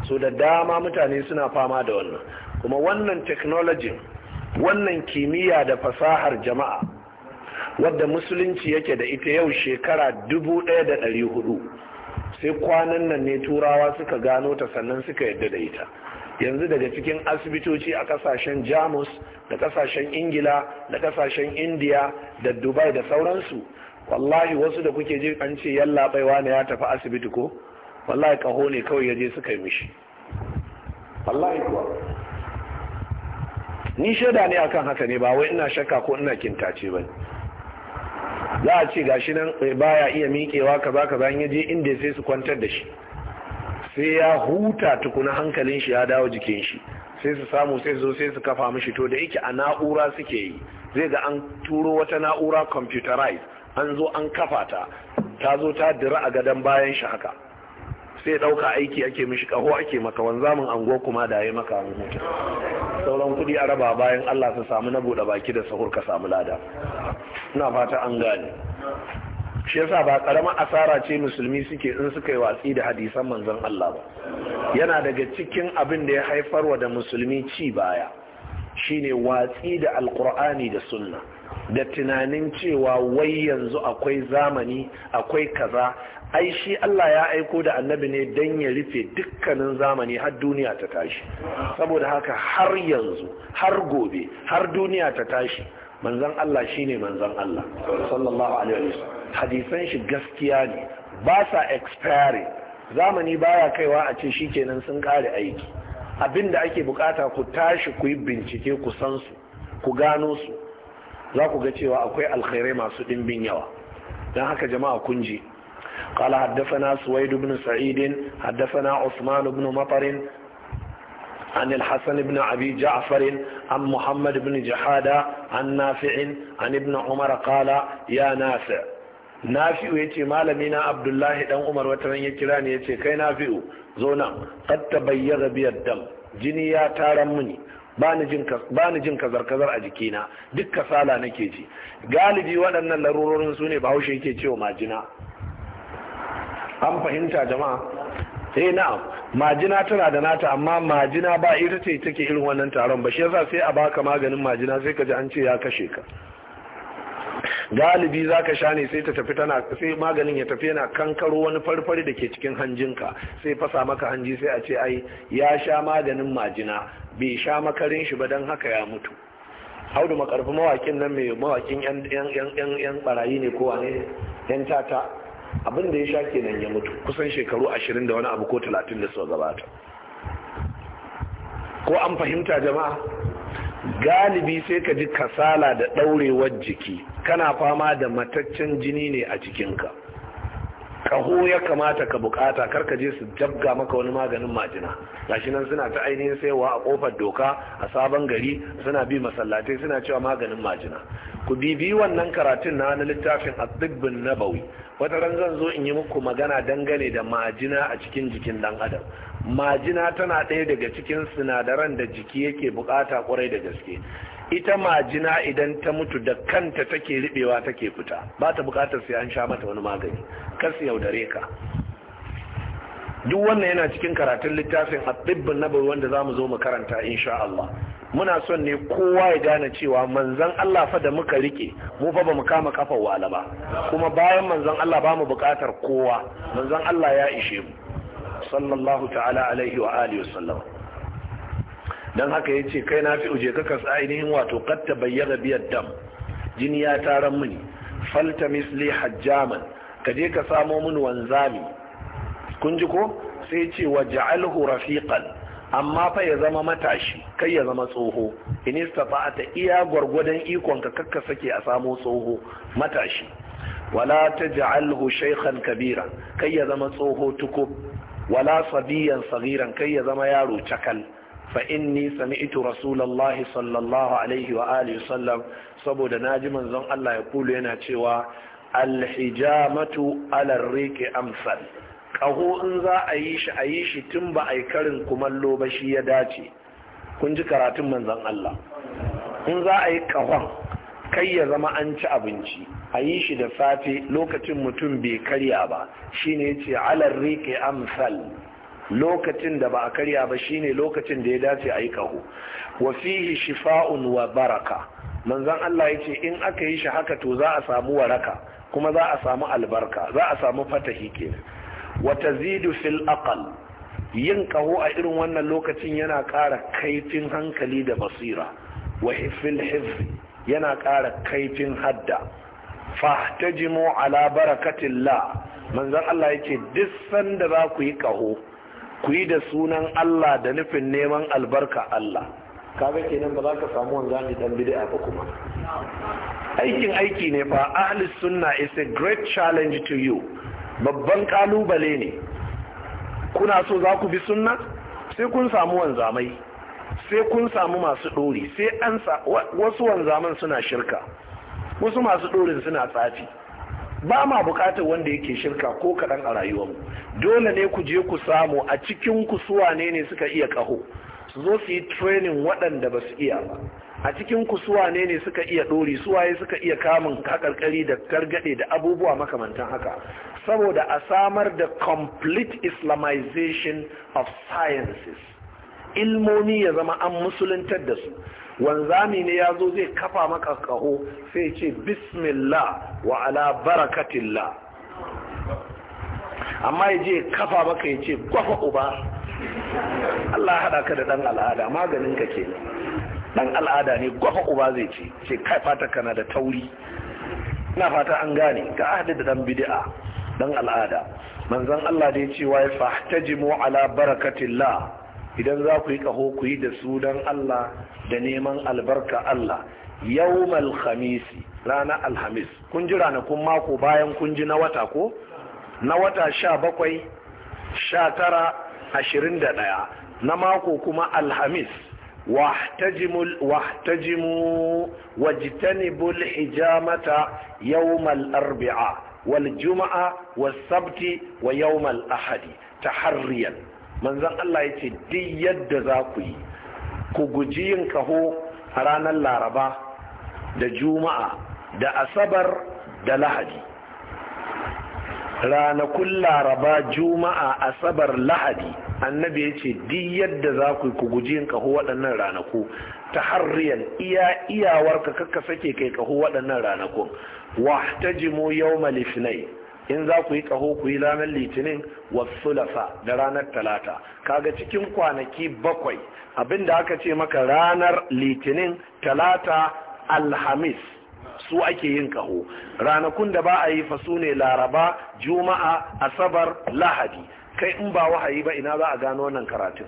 so da dama mutane suna fama da wannan kuma wannan technology wannan kimiyya da fasahar jama'a wadda musulunci yake da ita yau shekara dubu ɗaya da ɗari hudu sai kwanan nan ne turawa suka gano ta sannan suka yadda da ita yanzu daga cikin asibitoci a kasashen jamus da kasashen ingila da kasashen indiya da dubai da sauransu wallahi wasu da kuke ji an ce yalla baiwa ne ya tafi asibiti ko wallahi kaho ne kawai ya je suka yi mishi wallahi kuwa ni shaida ne akan haka ne ba wai ina shakka ko ina kintace ba za a ce gashi nan eh, baya iya miƙewa kaza baka bayan yaje inda sai su kwantar da shi sai ya huta tukuna hankalin shi ya dawo jikin shi sai su samu sai zo sai su kafa mishi to da yake a na'ura suke yi zai ga an turo wata na'ura computerized an zo an kafa ta ta zo ta dira a gadon bayan shi haka sai ɗauka aiki ake mishi ƙaho ake maka wanzamin anguwa kuma da ya maka an sauran kuɗi a raba bayan Allah su samu na buɗe baki da sahur ka samu lada ina fata an gane shi yasa ba karamar asara ce musulmi suke in suka yi watsi da hadisan manzon Allah ba yana daga cikin abin da ya haifar wa da musulmi ci baya shine watsi da alkur'ani da sunna da tunanin cewa wai yanzu akwai zamani akwai kaza ai shi Allah ya aiko da annabi ne don ya rufe dukkanin zamani har duniya ta tashi saboda haka har yanzu har gobe har duniya ta tashi manzan Allah shine manzan Allah sallallahu alaihi hadisan shi gaskiya ne ba sa expiring zamani baya kaiwa a ce shi kenan sun kare aiki Abin da ake bukata ku tashi ku yi bincike ku san su ku gano su za ku ga cewa akwai alkhairai masu dimbin yawa don haka jama'a kun قال حدثنا سويد بن سعيد حدثنا عثمان بن مطر عن الحسن بن عبي جعفر عن محمد بن جحادة عن نافع عن ابن عمر قال يا نافع نافع يتي مالمينا عبد الله بن عمر وترن يكراني يتي كي نافع زونا قد تبيغ بي الدم جني يا تارمني bani jin kazar-kazar a jikina duk kasala nake ji galibi waɗannan larurorin su ne bahaushe yake cewa majina an fahimta jama'a eh na'am majina tana da nata amma majina ba ita ce take irin wannan taron ba shi yasa sai a baka maganin majina sai ka ji an ce ya kashe ka galibi za ka sha ne sai ta tafi tana sai maganin ya tafi yana kankaro wani farfari da ke cikin hanjinka sai fasa maka hanji sai a ce ai ya sha maganin majina bai sha makarin shi ba don haka ya mutu audu makarfi mawakin nan mai mawakin yan barayi ne ko wane yan tata abin da ya sha kenan ya mutu kusan shekaru ashirin da wani abu ko talatin da suka gabata ko an fahimta jama'a galibi sai ka ji kasala da ɗaurewar jiki kana fama da mataccen jini ne a jikinka kaho ya kamata ka bukata karka je su jabga maka wani maganin majina gashi nan suna ta ainihin saiwa a kofar doka a sabon gari suna bi masallatai suna cewa maganin majina ku bibi wannan karatun na na littafin adibbin nabawi wata ran zan zo in yi muku magana dangane da majina a cikin jikin dan adam majina tana ɗaya daga cikin sinadaran da jiki yake bukata kwarai da gaske ita majina idan ta mutu da kanta take ribewa take fita ba ta bukatar sai an sha mata wani magani kar su yaudare ka duk wannan yana cikin karatun littafin abibbin nabawi wanda zamu zo mu karanta insha Allah muna son ne kowa ya gane cewa manzan Allah fa da muka rike mu fa bamu kama kafar wala ba kuma bayan manzan Allah ba mu bukatar kowa manzan Allah ya ishe mu sallallahu ta'ala alaihi wa alihi wa sallam don haka ya ce kai na fi uje kakas ainihin wato katta bayyana biyar dam jini ya taron mini falta misli hajjaman ka je ka samo mini wanzami kun ji ko sai ce wa ja'alhu rafiqan amma fa ya zama matashi kai ya zama tsoho in istata'ata iya gwargwadon ikon ka kakka sake a samo tsoho matashi wala ja'alhu shaykhan kabira kai ya zama tsoho tukub wala sabiyan saghiran kai ya zama yaro cakal فإني سمعت رسول الله صلى الله عليه وآله وسلم سبو دناجي من زن الله يقول هنا تشوى الحجامة على الريك أمثل kaho in za a yi shi tun ba a yi karin kumallo ba shi ya dace kun ji karatun manzon Allah in za a yi kahon kai ya zama an ci abinci a yi shi da safe lokacin mutum bai karya ba shine yace alar rike amsal lokacin da ba a karya ba shine lokacin da ya dace a yi kaho wa fihi shifa'un wa baraka manzon Allah yace in aka yi shi haka to za a samu waraka kuma za a samu albarka za a samu fatahi kenan wa tazidu fil aqal yin kaho a irin wannan lokacin yana ƙara kaifin hankali da basira wa fil hifz yana ƙara kaifin hadda fahtajimu ala barakatillah manzon Allah yace duk sanda za ku yi kaho ku yi da sunan Allah da nufin neman albarka Allah kaga kenan ba za ka samu wanzami dan bid'a ba kuma aikin aiki ne fa ahli sunna is a great challenge to you babban kalubale ne kuna so za ku bi sunna sai kun samu wanzamai sai kun samu masu ɗori sai an wasu wanzaman suna shirka wasu masu ɗorin suna tsafi ba ma bukatar wanda yake shirka ko kaɗan a rayuwarmu dole ne ku je ku samu a cikin ku suwane ne suka iya kaho? su zo su yi training waɗanda ba su iya ba a cikin ku suwane ne suka iya ɗori suwaye suka iya kamun kakarkari da targaɗe da abubuwa makamantan haka saboda a samar da complete islamization of sciences ilmomi ya zama an musuluntar da su wanzami ne ya zo zai kafa maka kaho sai ce bismillah wa ala barakatillah amma ya je kafa maka ya ce kwafa uba Allah haɗa ka da ɗan al'ada maganin ka kenan ɗan al'ada ne kwafa uba zai ce ce kai fata kana da tauri na fata an gane ka ahadi da ɗan bid'a ɗan al'ada manzon Allah da ya ce wa ya fahtajimu ala barakatillah idan za ku yi kaho ku yi da sunan Allah da neman albarka Allah yawmal khamisi rana alhamis kun ji ranakun mako bayan kun ji na wata ko na wata sha bakwai sha tara ashirin da ɗaya na mako kuma alhamis wahtajimu wajtanibul hijamata yawmal arbi'a wal juma'a was sabti wa yawmal ahadi taharriyan manzon Allah ya ce duk yadda za ku yi ku guji yin kaho a ranar laraba da juma'a da asabar da lahadi ranakun laraba juma'a asabar lahadi annabi ya ce duk yadda za ku ku guji yin kaho waɗannan ranaku ta harriyar iya iyawarka kakka sake kai kaho waɗannan ranakun wahtajimu yawmal lifinai. in za ku yi kaho ku yi ranar litinin wasu lasa da ranar talata kaga cikin kwanaki bakwai abinda aka ce maka ranar litinin talata alhamis su ake yin kaho ranakun da ba a yi fasu ne laraba juma'a asabar lahadi kai in ba wahayi ba ina za a gano wannan karatun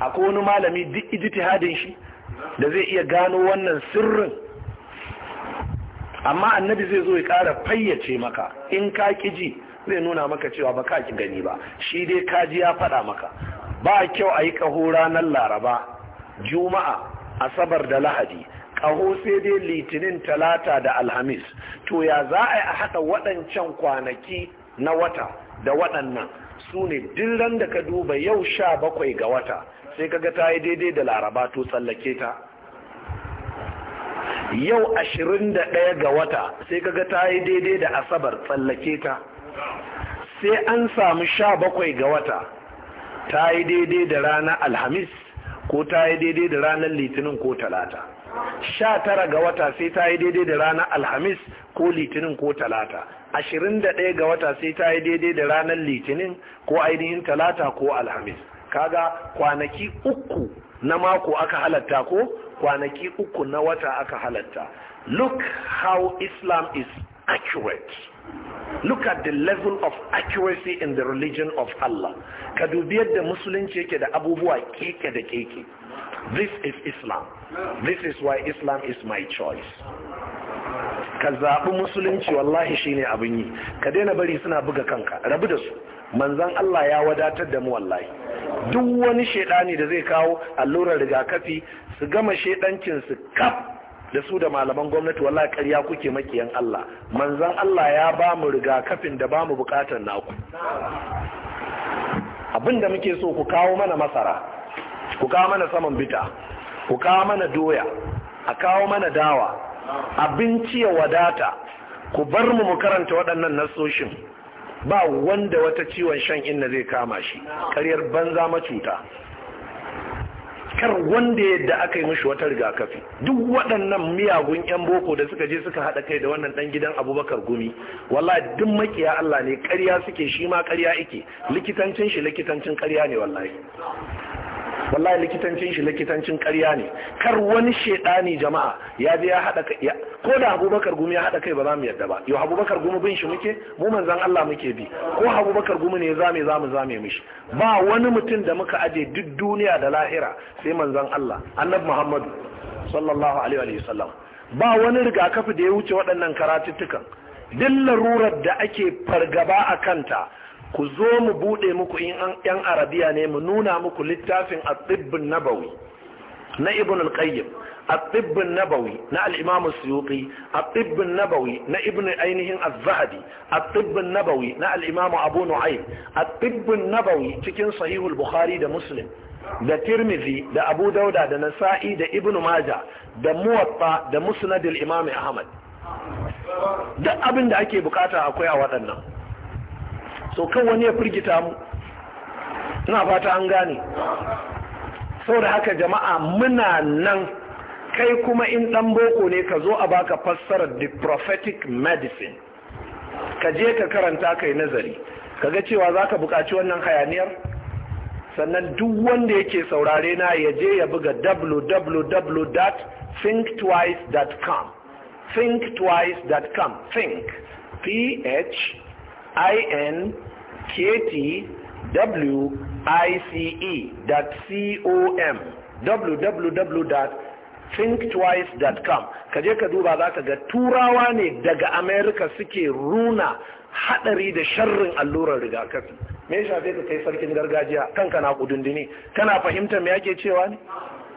akwai wani malami duk ijtihadin shi da zai iya gano wannan sirrin amma annabi zai zo ya ƙara fayyace maka in ka ji zai nuna maka cewa ba ka ki gani ba shi dai ka ji ya faɗa maka ba kyau a yi kaho ranar laraba juma'a asabar da lahadi ƙaho sai dai litinin talata da alhamis to ya za a yi a haɗa waɗancan kwanaki na wata da waɗannan su ne ran da ka duba yau sha bakwai ga wata sai kaga ta yi daidai da laraba to tsallake ta yau ashirin da ɗaya ga wata sai kaga ta yi daidai da asabar tsallake ta sai an samu sha bakwai ga wata ta yi daidai da ranar alhamis ko ta yi daidai da ranar litinin ko talata sha tara ga wata sai ta yi daidai da ranar alhamis ko litinin ko talata ashirin da ɗaya ga wata sai ta yi daidai da ranar litinin ko ainihin talata ko alhamis kaga kwanaki uku na mako aka halatta ko kwanaki uku na wata aka halatta look how islam is accurate look at the level of accuracy in the religion of allah ka dubi yadda musulunci yake da abubuwa keke da keke this is islam this is why islam is my choice ka zaɓi musulunci wallahi shine abin yi ka daina bari suna buga kanka rabu da su manzan Allah ya wadatar da mu wallahi duk wani shaidani da zai kawo allurar rigakafi su gama shedancinsu kaf da su da malaman gwamnati wallahi ƙarya kuke makiyan Allah manzan Allah ya ba mu rigakafin da ba mu bukatar naku abinda muke so ku kawo mana masara ku kawo mana saman bita ku kawo mana doya a kawo mana dawa abinci ya wadata ku bar mu mu karanta waɗannan nasoshin ba wanda wata ciwon shan inna zai kama shi ƙaryar banza macuta kar wanda yadda aka yi mishi wata rigakafi duk waɗannan miyagun 'yan boko da suka je suka haɗa kai da wannan ɗan gidan abubakar gumi wallahi duk makiya Allah ne karya suke shi ma karya ike likitancin shi likitancin karya ne wallahi wallahi likitancin shi likitancin ƙarya ne kar wani shedani jama'a ya je ya hada kai ko da Abubakar Gumi ya hada kai ba za mu yadda ba yo Abubakar Gumi bin shi muke mu manzon Allah muke bi ko Abubakar Gumi ne zame zamu zame mishi ba wani mutum da muka aje duk duniya da lahira sai manzon Allah Annabi Muhammad sallallahu alaihi wa sallam ba wani rigakafi da ya wuce waɗannan karatuttukan Dillar rurar da ake fargaba a kanta ku zo mu buɗe muku in yan arabiya ne mu nuna muku littafin at-tibbun nabawi na ibn al-qayyim at-tibbun nabawi na al-imam as-suyuti at-tibbun nabawi na ibn ainihin az-zahabi at-tibbun nabawi na al-imam abu nu'aym at-tibbun nabawi cikin sahih al-bukhari da muslim da tirmidhi da abu dauda da nasa'i da ibn majah da muwatta da musnad al-imam ahmad duk abin da ake bukata akwai a waɗannan so kan wani ya firgita mu ina fata an gane Sau da haka jama'a muna nan kai kuma in dan boko ne ka zo a baka fassara the prophetic medicine ka je ka karanta kai nazari kaga cewa zaka bukaci wannan hayaniyar sannan duk wanda yake saurare na ya je ya buga www.thinktwice.com thinktwice.com think p h E I-N-K-T-W-I-C-E dot C-O-M www.thinktwice.com ka je ka duba za ka ga turawa ne daga america suke runa hadari da sharrin allurar rigakafi me shafe ka kai sarkin gargajiya kanka na kudundini kana fahimtar me ake cewa ne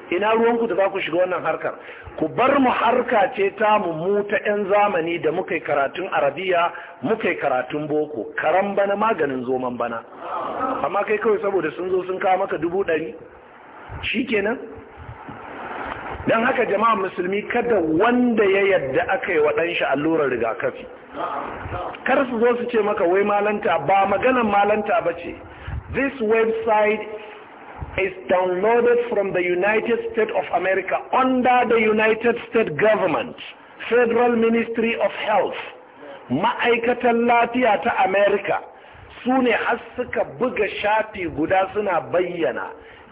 ina ruwanku da za ku shiga wannan harkar ku bar mu harka ce ta mu ta 'yan zamani da muka karatun arabiya muka karatun boko karan bana maganin zoman bana amma kai kawai saboda sun zo sun kawo maka dubu ɗari shi kenan don haka jama'a musulmi kada wanda ya yadda aka yi waɗanshi allurar rigakafi kar su zo su ce maka wai malanta ba maganan malanta ba ce this website is downloaded from the United States of America under the United States government, Federal Ministry of Health, ma'aikatan lafiya ta America su ne har suka buga shafi guda suna bayyana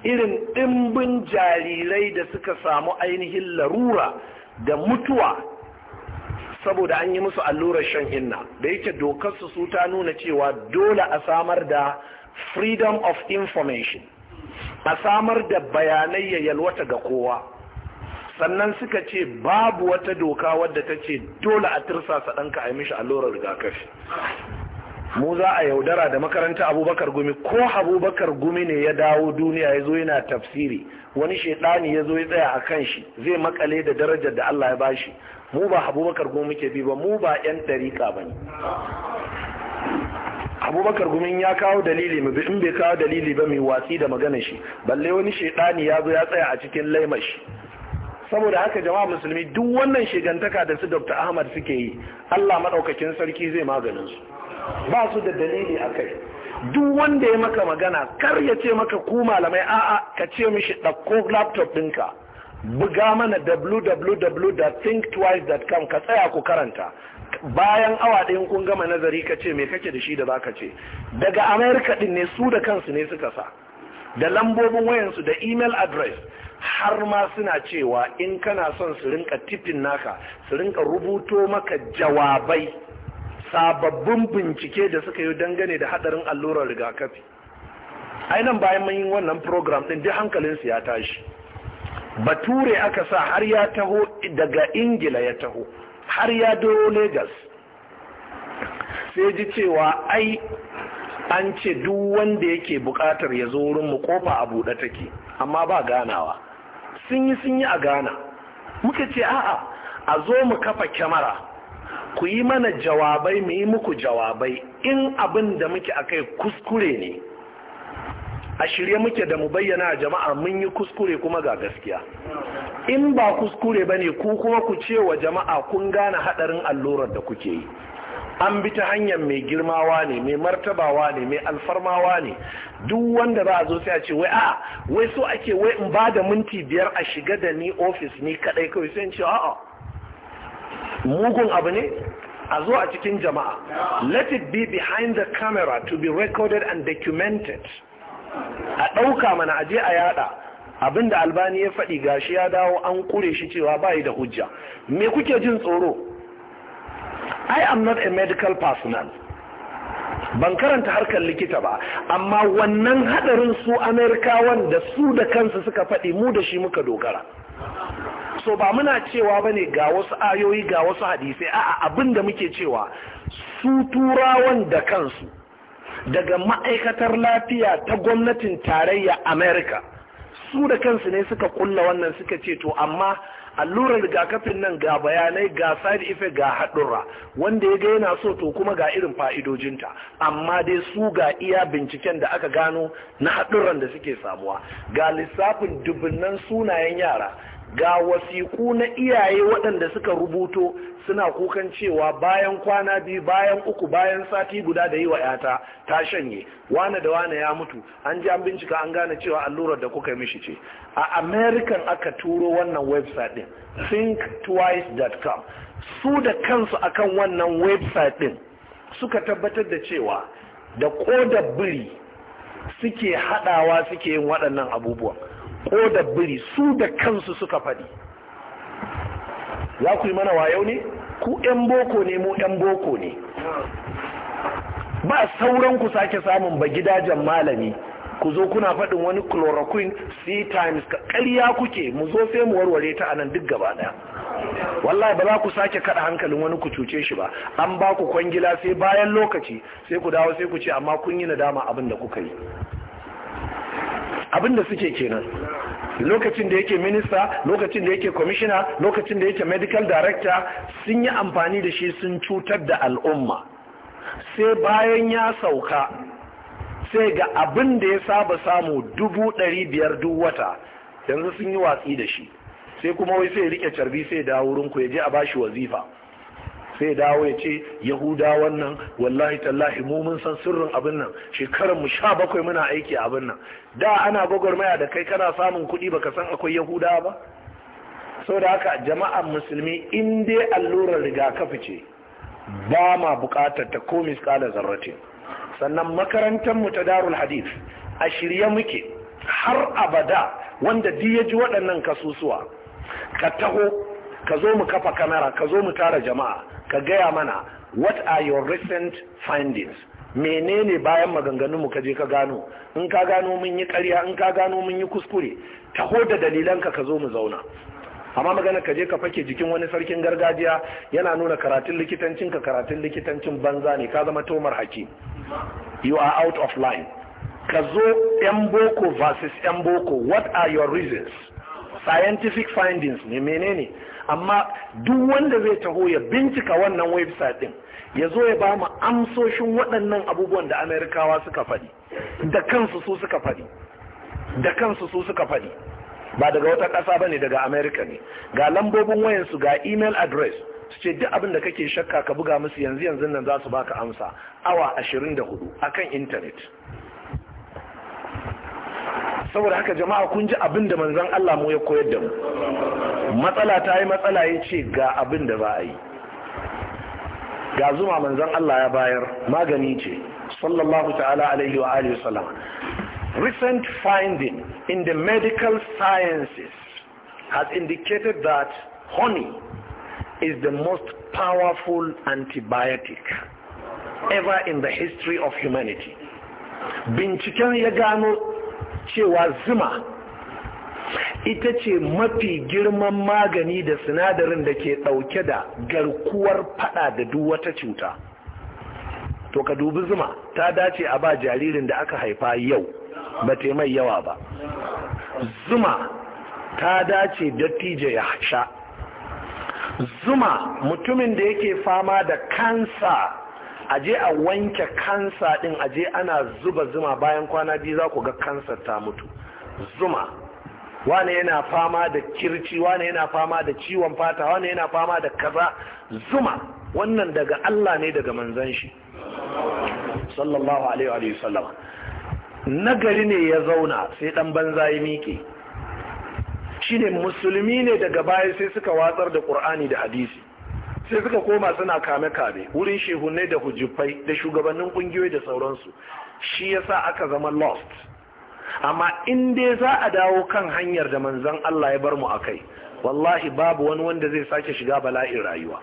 irin ɗimbin jarirai da suka samu ainihin larura da mutuwa saboda an yi musu allurar shan inna da yake dokar su ta nuna cewa dole a samar da freedom of information a samar da bayanai ya yalwata ga kowa sannan suka ce babu wata doka wadda ta ce dole a tirsasa ɗanka a yi mishi allurar rigakafi mu za a yaudara da makaranta abubakar gumi ko abubakar gumi ne ya dawo duniya ya zo yana tafsiri wani shaidani ya zo ya tsaya a kan shi zai makale da darajar da Allah ya bashi mu ba abubakar gumi muke bi ba mu ba yan ɗariƙa ba ne abubakar gumin ya kawo dalili mu in bai kawo dalili ba mai watsi da magana shi balle wani shaidani ya zo ya tsaya a cikin laimashi saboda haka jama'a musulmi duk wannan shigantaka da su dr ahmad suke yi allah maɗaukakin sarki zai maganin su ba su da dalili a kai duk wanda ya maka magana kar ya ce maka ku malamai a'a ka ce mishi ɗauko laptop ɗinka buga mana www.thinktwice.com ka tsaya ku karanta bayan awa ɗin kun gama nazari ka ce mai kake da shi da za ce daga amerika ɗin ne su da kansu ne suka sa da lambobin wayansu da email address har ma suna cewa in kana son su rinka tipin naka su rinka rubuto maka jawabai sababbin bincike da suka yi dangane da hadarin allurar rigakafi ainihin bayan mun yi wannan program ɗin duk hankalinsu ya tashi bature aka sa har ya taho daga ingila ya taho har ya doro Legas sai ji cewa ai an ce duk wanda yake bukatar ya zo wurin mu kofa a buɗe take amma ba ganawa sun yi sun yi a gana muka ce a'a a zo mu kafa kyamara ku yi mana jawabai mu yi muku jawabai in abin da muke akai kuskure ne a shirye muke da mu bayyana a jama'a mun yi kuskure kuma ga gaskiya in ba kuskure ba ne ku kuma ku ce wa jama'a kun gane hadarin allurar da kuke yi an bi ta hanyar mai girmawa ne mai martabawa ne mai alfarmawa ne duk wanda ba a zo sai a ce wai a wai so ake wai in ba da minti biyar a shiga da ni ofis ni kadai kawai sai in ce a'a mugun abu ne a zo a cikin jama'a let it be behind the camera to be recorded and documented a ɗauka mana aje a yada abinda albani ya faɗi gashi ya dawo an ƙure shi cewa bayi da hujja me kuke jin tsoro i am not a medical personal ban karanta harkar likita ba amma wannan hadarin su amerikawan da su da kansu suka faɗi mu da shi muka dogara so ba muna cewa ba ne ga wasu ayoyi ga wasu hadisai a'a abin da muke cewa su turawan da kansu daga ma'aikatar lafiya ta gwamnatin tarayya Amerika, su da kansu ne suka kulla wannan suka ce to amma allurar rigakafin nan ga bayanai ga side effect ga haɗurra wanda ya ga yana so to kuma ga irin fa'idojinta amma dai su ga iya binciken da aka gano na haɗurran da suke samuwa ga lissafin dubunnan sunayen yara ga wasiku na iyaye waɗanda suka rubuto suna kukan cewa bayan kwana biyu bayan uku bayan sati guda da yi wa yata ta shanye wane da wane ya mutu an ji an bincika an gane cewa allurar da kuka mishi ce a american aka turo wannan website din thinktwice.com su da kansu akan wannan website din suka tabbatar da cewa da da biri suke haɗawa suke yin waɗannan abubuwan ko da biri su da kansu suka faɗi za ku yi mana wayau ne ku 'yan boko ne mu 'yan boko ne ba sauran ku sake samun ba gidajen malami ku zo kuna faɗin wani chloroquine c times ƙarya kuke mu zo sai mu warware ta anan duk gaba daya wallahi ba za ku sake kaɗa hankalin wani ku cuce shi ba an ba ku kwangila sai bayan lokaci sai ku dawo sai ku ce amma kun yi nadama abin da kuka yi abinda suke kenan lokacin da yake minista lokacin da yake kwamishina lokacin da yake medical director sun yi amfani da shi sun cutar da al'umma sai bayan ya sauka sai ga abin da ya saba samu dubu ɗari biyar duk wata yanzu sun yi watsi da shi sai kuma wai sai rike carbi sai da wurin ku ya je a bashi wazifa sai dawo ya ce yahuda wannan wallahi tallahi mu mun san sirrin abin nan shekaran mu sha bakwai muna aiki abin nan da ana gwagwarmaya da kai kana samun kuɗi baka san akwai yahuda ba sau da haka jama'an musulmi in dai allurar rigakafi ce ba ma bukatar ta ko miskala zarrace sannan makarantar mu ta darul hadith a shirye muke har abada wanda duk ya ji waɗannan kasusuwa ka taho ka zo mu kafa kamera ka zo mu tara jama'a ka gaya mana what are your recent findings menene bayan maganganunmu mu kaje ka gano in ka gano mun yi ƙarya in ka gano mun yi kuskure taho da dalilanka ka zo mu zauna amma magana ka je ka fake jikin wani sarkin gargajiya yana nuna karatun likitancin ka karatun likitancin banza ne ka zama tomar haki you are out of line ka zo yan boko versus yan boko what are your reasons scientific findings ne menene amma duk wanda zai taho ya bincika wannan website din ya zo ya ba mu amsoshin waɗannan abubuwan da amerikawa suka faɗi da kansu su suka faɗi da kansu su suka faɗi ba daga wata ƙasa ba ne daga amerika ne ga lambobin wayansu ga email address su ce duk abin da kake shakka ka buga musu yanzu yanzu nan za su baka amsa awa 24 akan intanet saboda haka jama'a kun ji abin da manzon Allah mu ya koyar da mu matsala ta yi matsala ya ce ga abin da a yi ga zuma manzon Allah ya bayar magani ce sallallahu ta'ala alaihi wa alihi wasallam recent finding in the medical sciences has indicated that honey is the most powerful antibiotic ever in the history of humanity binciken ya gano cewa zuma ita ce mafi girman magani da sinadarin da ke ɗauke da garkuwar fada da duk wata cuta to ka dubi zuma ta dace a ba jaririn da aka haifa yau ba mai yawa ba zuma ta dace dattijo ya sha zuma mutumin da yake fama da kansa aje a wanke kansa din aje ana zuba zuma bayan kwana biyu za ku ga kansa ta mutu zuma wane yana fama da kirci wane yana fama da ciwon fata wane yana fama da kaza zuma wannan daga Allah ne daga manzan shi sallallahu alaihi wa sallama nagari ne ya zauna sai dan banza ya miƙe shine musulmi ne daga baya sai suka watsar da qur'ani da hadisi sai suka koma suna kame-kame wurin shehunai da hujjufai da shugabannin kungiyoyi da sauransu shi yasa aka zama lost amma in dai za a dawo kan hanyar da manzon Allah ya bar mu a kai, wallahi babu wani wanda zai sake shiga bala'in rayuwa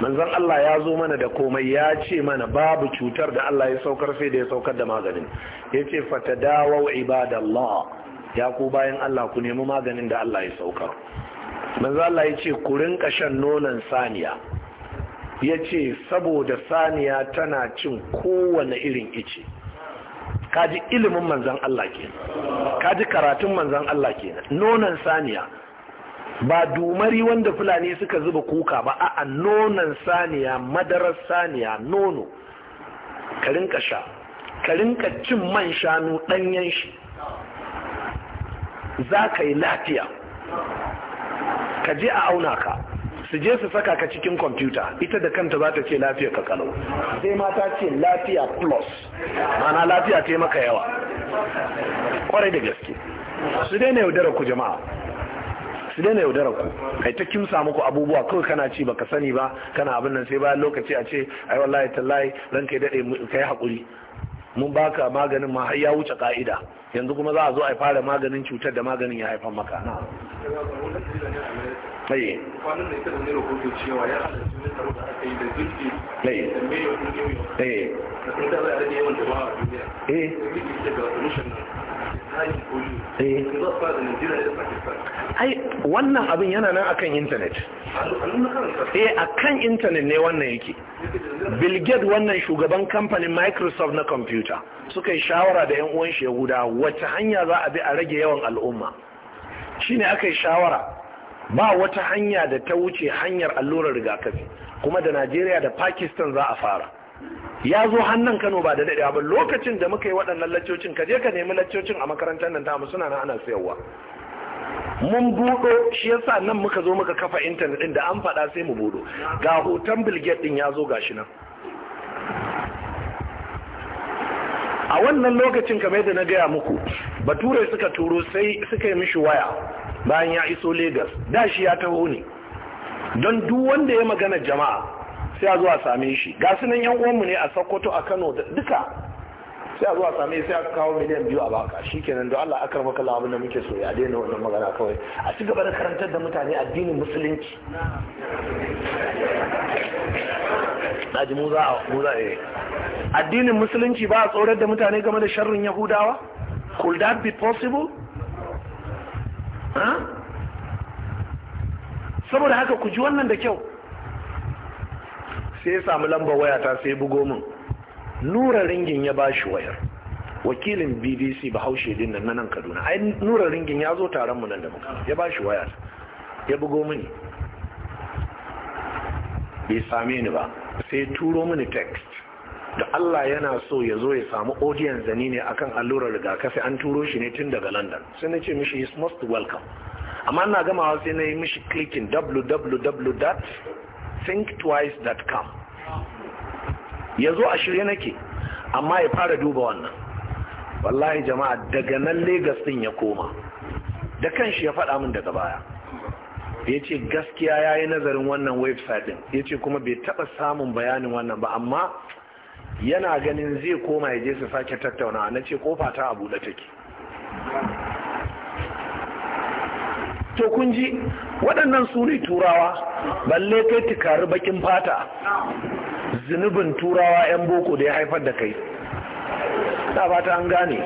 manzon Allah ya zo mana da komai ya ce mana babu cutar da Allah ya saukar sai da ya saukar da maganin ya ce dawo ibadallah ya ku bayan Allah ku nemi maganin da Allah ya saukar manzo Allah ya ce ku rinka shan nonon saniya ya ce saboda saniya tana cin kowane irin ice kaji ilimin manzan Allah ke kaji karatun manzan Allah ke nonon saniya ba dumari wanda fulani suka zuba kuka ba a nonon saniya madarar saniya nono karinka sha karinka cin man shanu ɗanyen shi za ka yi lafiya ka je a auna ka su je su saka ka cikin kwamfuta ita da kanta za ta ce lafiya ka kalau sai mata ce lafiya plus mana lafiya ta maka yawa kwarai da gaske su daina yaudara ku jama'a su daina yaudara ku kai ta kimsa muku abubuwa kawai kana ci baka sani ba kana abin nan sai bayan lokaci a ce ai wallahi tallahi kai ya dade kai hakuri mun baka maganin ma har ya wuce ka'ida yanzu kuma za a zo a fara maganin cutar da maganin ya haifar maka sai kwanan da ita da wannan abin yana nan akan intanet eh akan intanet ne wannan yake bill gates wannan shugaban kamfanin microsoft na computer suka yi shawara da yan uwan shi yahuda wacce hanya za a bi a rage yawan al'umma shine aka yi shawara ba wata hanya da ta wuce hanyar allurar rigakafi kuma da najeriya da pakistan za a fara ya zo hannun kano ba da daɗewa ba lokacin da muka yi waɗannan laccocin ka je ka nemi laccocin a makarantar nan ta musu na ana sayarwa mun buɗo shi yasa nan muka zo muka kafa intanet ɗin da an faɗa sai mu buɗo ga hoton bilget ɗin ya zo gashi nan a wannan lokacin kamar yadda na gaya muku bature suka turo sai suka yi mishi waya bayan ya iso Legas da shi ya taho ne don duk wanda ya magana jama'a sai a zuwa same shi ga sunan yan uwanmu ne a Sokoto a Kano da duka sai a zuwa same sai aka kawo miliyan biyu a baka shikenan don Allah akar maka lawa da muke so ya daina wannan magana kawai a ci gaba da karantar da mutane addinin musulunci daji mu za a mu za a addinin musulunci ba a tsorar da mutane game da sharrin yahudawa could that be possible saboda haka ku ji wannan da kyau sai ya samu lambar waya ta sai bugo min nura ringin ya ba shi wayar wakilin bbc bahaushe din nan nan kaduna ai nura ringin ya zo taron mu nan da muka ya ba shi wayar ya bugo mini bai same ni ba sai turo mini text da Allah yana so ya zo ya samu odiyan zani ne akan allurar rigakafi an turo shi ne tun daga London sai na ce mishi is most welcome amma ina gamawa sai na yi mishi clicking www.thinktwice.com ya zo a shirye nake amma ya fara duba wannan wallahi jama'a daga nan Legas din ya koma da kanshi ya faɗa min daga baya ya ce gaskiya ya yi nazarin wannan website din ya ce kuma bai taɓa samun bayanin wannan ba amma yana ganin zai koma ya je su sake tattauna, na ce kofa ta abu da take to kun ji waɗannan su ne turawa balle kai tukari bakin fata zunubin turawa 'yan boko da ya haifar da kai na fata an gane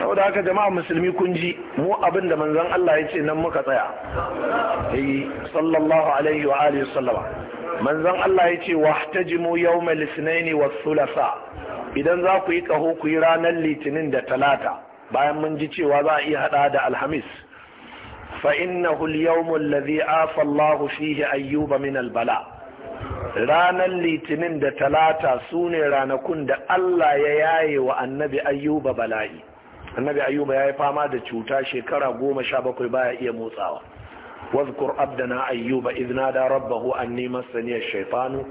saboda haka jama'a musulmi kun ji mu abin da manzon Allah ya ce nan muka tsaya eh sallallahu alaihi wa alihi sallama manzon Allah ya ce wahtajimu yawmal ithnaini was thulatha idan za ku yi kaho ku yi ranar litinin da talata bayan mun ji cewa za a iya hada da alhamis fa innahu al-yawmu alladhi afa Allahu fihi ayyuba min al-bala' ranar litinin da talata sune ne ranakun da Allah ya yaye wa annabi ayyuba bala'i annabi ayyuba ya yi fama da cuta shekara goma sha bakwai baya iya motsawa Abdana da rabbahu an إذ saniyar shaifanu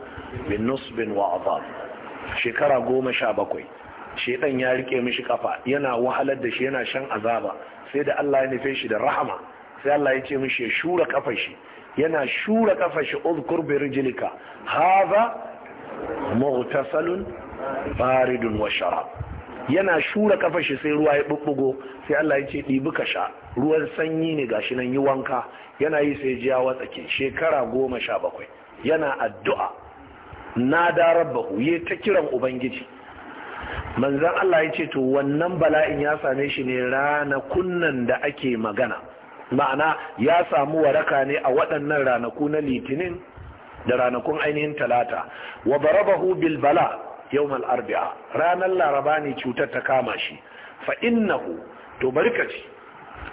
bin مسني الشيطان بالنصب shekara goma sha bakwai shekan ya rike mishi kafa yana wahalar da shi yana shan azaba sai da Allah ya nufe shi da rahama sai Allah ya ce mishi ya shura kafar shi yana shura kafa shi uzkur bi rijlika hadha mughtasalun baridun wa sharab yana shura kafa shi sai ruwa ya bubbugo sai Allah ya ce ɗibi ka sha ruwan sanyi ne gashi nan yi wanka yana yi sai jiya wa watsake shekara goma sha bakwai yana addu'a na da rabbahu ya ta kiran ubangiji manzan Allah ya ce to wannan bala'in ya same shi ne rana kunnan da ake magana ma'ana ya samu waraka ne a waɗannan ranaku na litinin da ranakun ainihin talata wa barabahu bil bala yawmal arbi'a ranar laraba ne cutar ta kama shi fa innahu to bari ka ci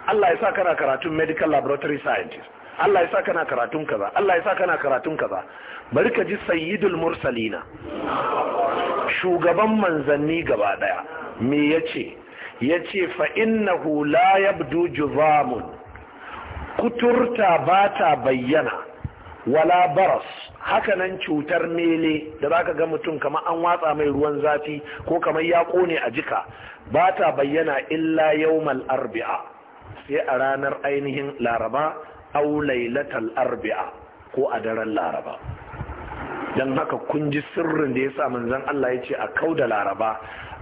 Allah ya sa kana karatun medical laboratory scientist Allah ya sa kana karatun kaza Allah ya sa kana karatun kaza bari ka ji sayyidul mursalina shugaban manzanni gaba daya me yace yace fa innahu la yabdu juzamun kuturta ba ta bayyana wala baras hakanan cutar mele da za ka ga mutum kamar an watsa mai ruwan zafi ko kamar ya kone a jika ba ta bayyana illa yawmal arbi'a sai a ranar ainihin laraba au lailatal arbi'a ko a daren laraba don haka kun ji sirrin da ya sa manzon Allah ya ce a kau da laraba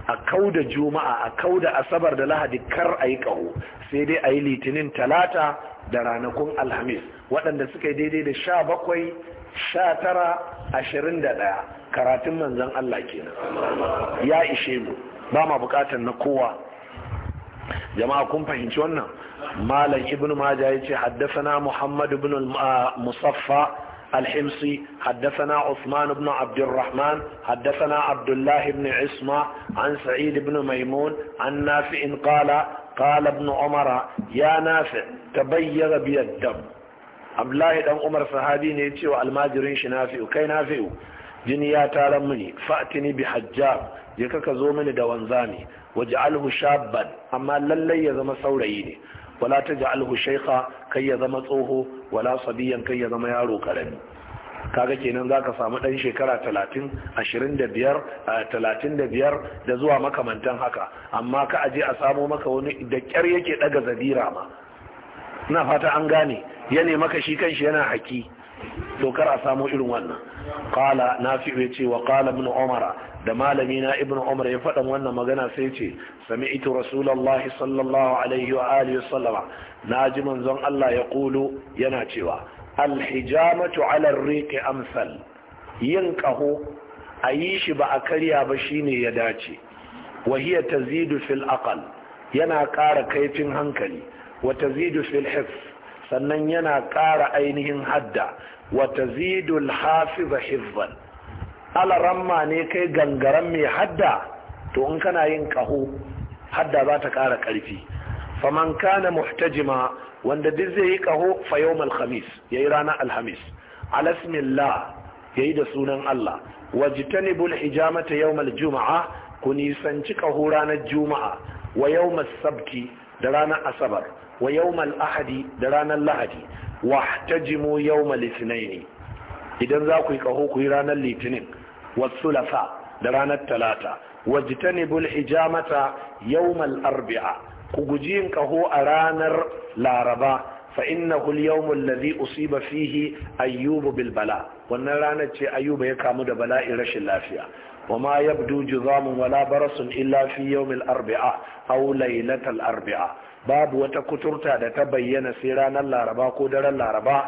a kau da juma'a a kau da asabar da lahadi kar a yi ƙaho sai dai a yi litinin talata da ranakun alhamis waɗanda suka yi daidai da sha bakwai sha tara ashirin da ɗaya karatun manzan Allah kenan ya ishe mu ba ma bukatar na kowa jama'a kun fahimci wannan malam ibn majah yace haddathana muhammad ibn musaffa الحمصي حدثنا عثمان بن عبد الرحمن حدثنا عبد الله بن عصمة عن سعيد بن ميمون عن نافع قال قال ابن عمر يا نافع تبيغ بي الدم Abdullahi ɗan Umar sahabi ne ya ce wa almajirin shi Nafi'u kai Nafi'u jini ya taran mini fa'tini bi hajjab je ka zo mini da wanzami waj'alhu shabban amma lallai ya zama saurayi ne wala taj'alhu shaykha kai ya zama tsoho wala sabiyan kai ya zama yaro karami kaga kenan za ka samu ɗan shekara 30 35 da zuwa makamantan haka amma ka aje a samo maka wani da kyar yake ɗaga zabira ma ina fata an gane ya ne maka shi kanshi yana haki to kar a samo irin wannan qala ya ce wa qala min umara da malami na ibn umar ya faɗan wannan magana sai ce sami ito rasulallah sallallahu alaihi wa alihi wasallama naji manzon Allah ya kulu yana cewa alhijamatu ala riqi amsal yin kaho a yi shi ba a karya ba shine ya dace wahiya ta tazidu fil aqal yana ƙara kaifin hankali wa tazidu fil hifz sannan yana ƙara ainihin hadda wa tazidu al hafiz hifzan ala ne kai gangaren mai hadda to in kana yin kaho hadda za ta ƙara ƙarfi faman kana muhtajima wanda duk zai yi kaho fa yawmal ya yayi ranar alhamis alasmillah yayi da sunan Allah wajtanibul hijamata yawmal juma'a ku nisanci kaho ranar juma'a wa yawmas sabti da ranar asabar wa yawmal ahadi da ranar lahadi wahtajimu yawmal ithnaini idan za ku yi kaho ku yi ranar litinin wasulafa da ranar talata wajtanibul hijamata yawmal arbi'a ku guji yin kaho a ranar laraba fa innahu al-yawmul ladhi usiba fihi ayyubu bilbala. wannan ranar ce ayyuba ya kamu da bala'in rashin lafiya وما يبدو wala barasun برص إلا في يوم الأربعاء أو ليلة الأربعاء باب وتكترتا da ta bayyana sai ranar laraba ko daren laraba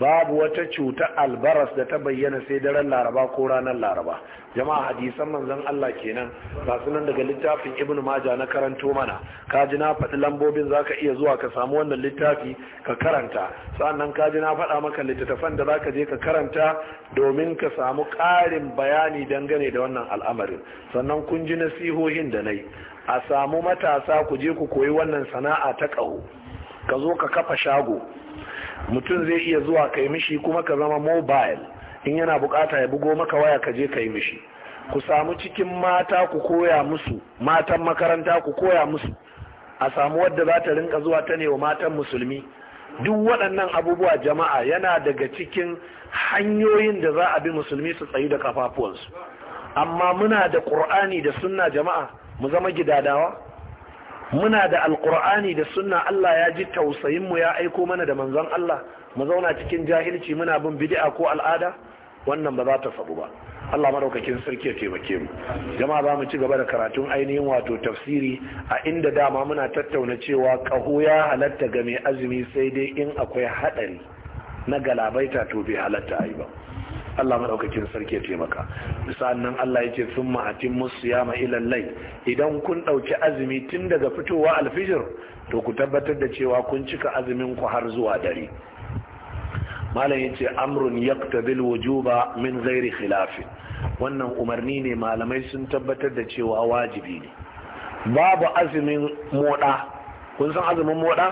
babu wata cuta albaras da ta bayyana sai daren laraba ko ranar laraba jama'a hadisan manzon Allah kenan ga sunan daga littafin ibnu maja na karanto mana ka ji na faɗi lambobin zaka iya zuwa ka samu wannan littafi ka karanta sannan ka ji na faɗa maka littattafan da zaka je ka karanta domin ka samu ƙarin bayani dangane da wannan al'amarin sannan kun ji nasihohin da nai, a samu matasa ku je ku koyi wannan sana'a ta ƙaho ka zo ka kafa shago mutum zai iya zuwa kai mishi kuma ka zama mobile in yana bukata ya bugo maka waya ka je kai mishi ku samu cikin mata ku koya musu matan makaranta ku koya musu a samu wadda za ta rinka zuwa ta ne wa matan musulmi duk waɗannan abubuwa jama'a yana daga cikin hanyoyin da za a bi musulmi su tsayi da kafafuwansu amma muna da ƙur'ani da sunna jama'a mu zama gidadawa muna da alkur'ani da sunna Allah ya ji tausayin mu ya aiko mana da manzon Allah mu zauna cikin jahilci muna bin bid'a ko al'ada wannan ba za ta faru ba Allah madaukakin sarki ya taimake mu jama'a za mu ci gaba da karatun ainihin wato tafsiri a inda dama muna tattauna cewa kaho ya halatta ga mai azumi sai dai in akwai hadari na galabaita to bai halatta ai ba Allah madaukakin sarki ya taimaka misalan nan Allah yace summa atimmu siyama ila layl idan kun ɗauki azumi tun daga fitowa alfijir to ku tabbatar da cewa kun cika azumin ku har zuwa dare malam yace amrun yaktabil wujuba min ghairi khilaf wannan umarni ne malamai sun tabbatar da cewa wajibi ne babu azumin moɗa. kun san azumin moɗa?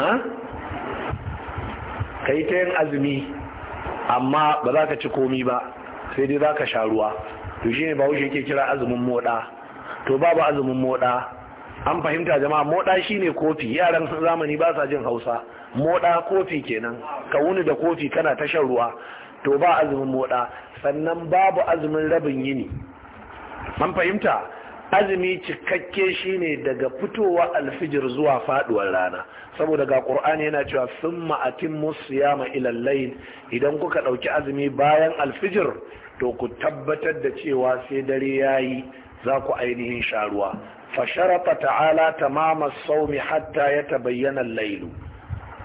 ha kai ta yin azumi amma ba za ka ci komi ba sai dai za ka sha ruwa to shi ne ba wuce yake kira azumin moda to babu azumin moda an fahimta jama'a moda ne kofi yaran zamani ba sa jin hausa moɗa kofi kenan ka wuni da kofi kana ta shan ruwa to ba azumin moda sannan babu azumin rabin yini an fahimta azumi cikakke shine daga fitowa alfijir zuwa faduwar rana saboda ga qur'ani yana cewa summa atimmu siyama ila ma layl idan kuka ɗauki azumi bayan alfijir to ku tabbatar da cewa sai dare yayi za ku ainihin sharuwa fa sharata ta'ala tamama sawmi hatta yatabayyana al lailu.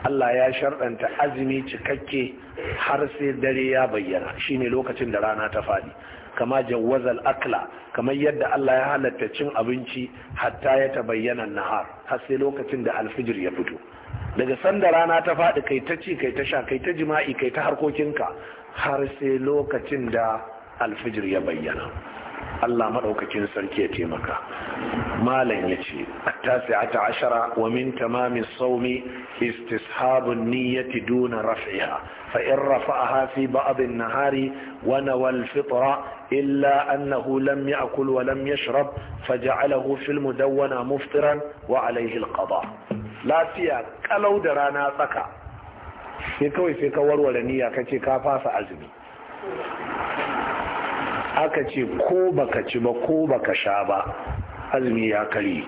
Allah ya sharɗanta azumi cikakke har sai dare ya bayyana shine lokacin da rana ta faɗi. kama jawwazal akla kamar yadda Allah ya halatta cin abinci hatta ya tabayyana nahar har sai lokacin da alfijir ya fito daga sanda rana ta faɗi kai ta ci kai ta sha kai ta jima'i kai ta harkokinka har sai lokacin da alfijir ya bayyana Allah maɗaukacin sarki ya taimaka malam ya ce attasi'ata ashara wa min tamamin saumi istishabun niyyati duna raf'iha fa in rafa'aha fi ba'd an-nahari wa nawal fitra illa annahu lam ya'kul wa lam yashrab faja'alahu fil mudawwana muftiran wa alayhi al lafiya kalau da rana tsaka sai kawai sai ka warware niyya kace ka fasa azumi aka ce ko baka ci ba ko baka sha ba azumi ya kare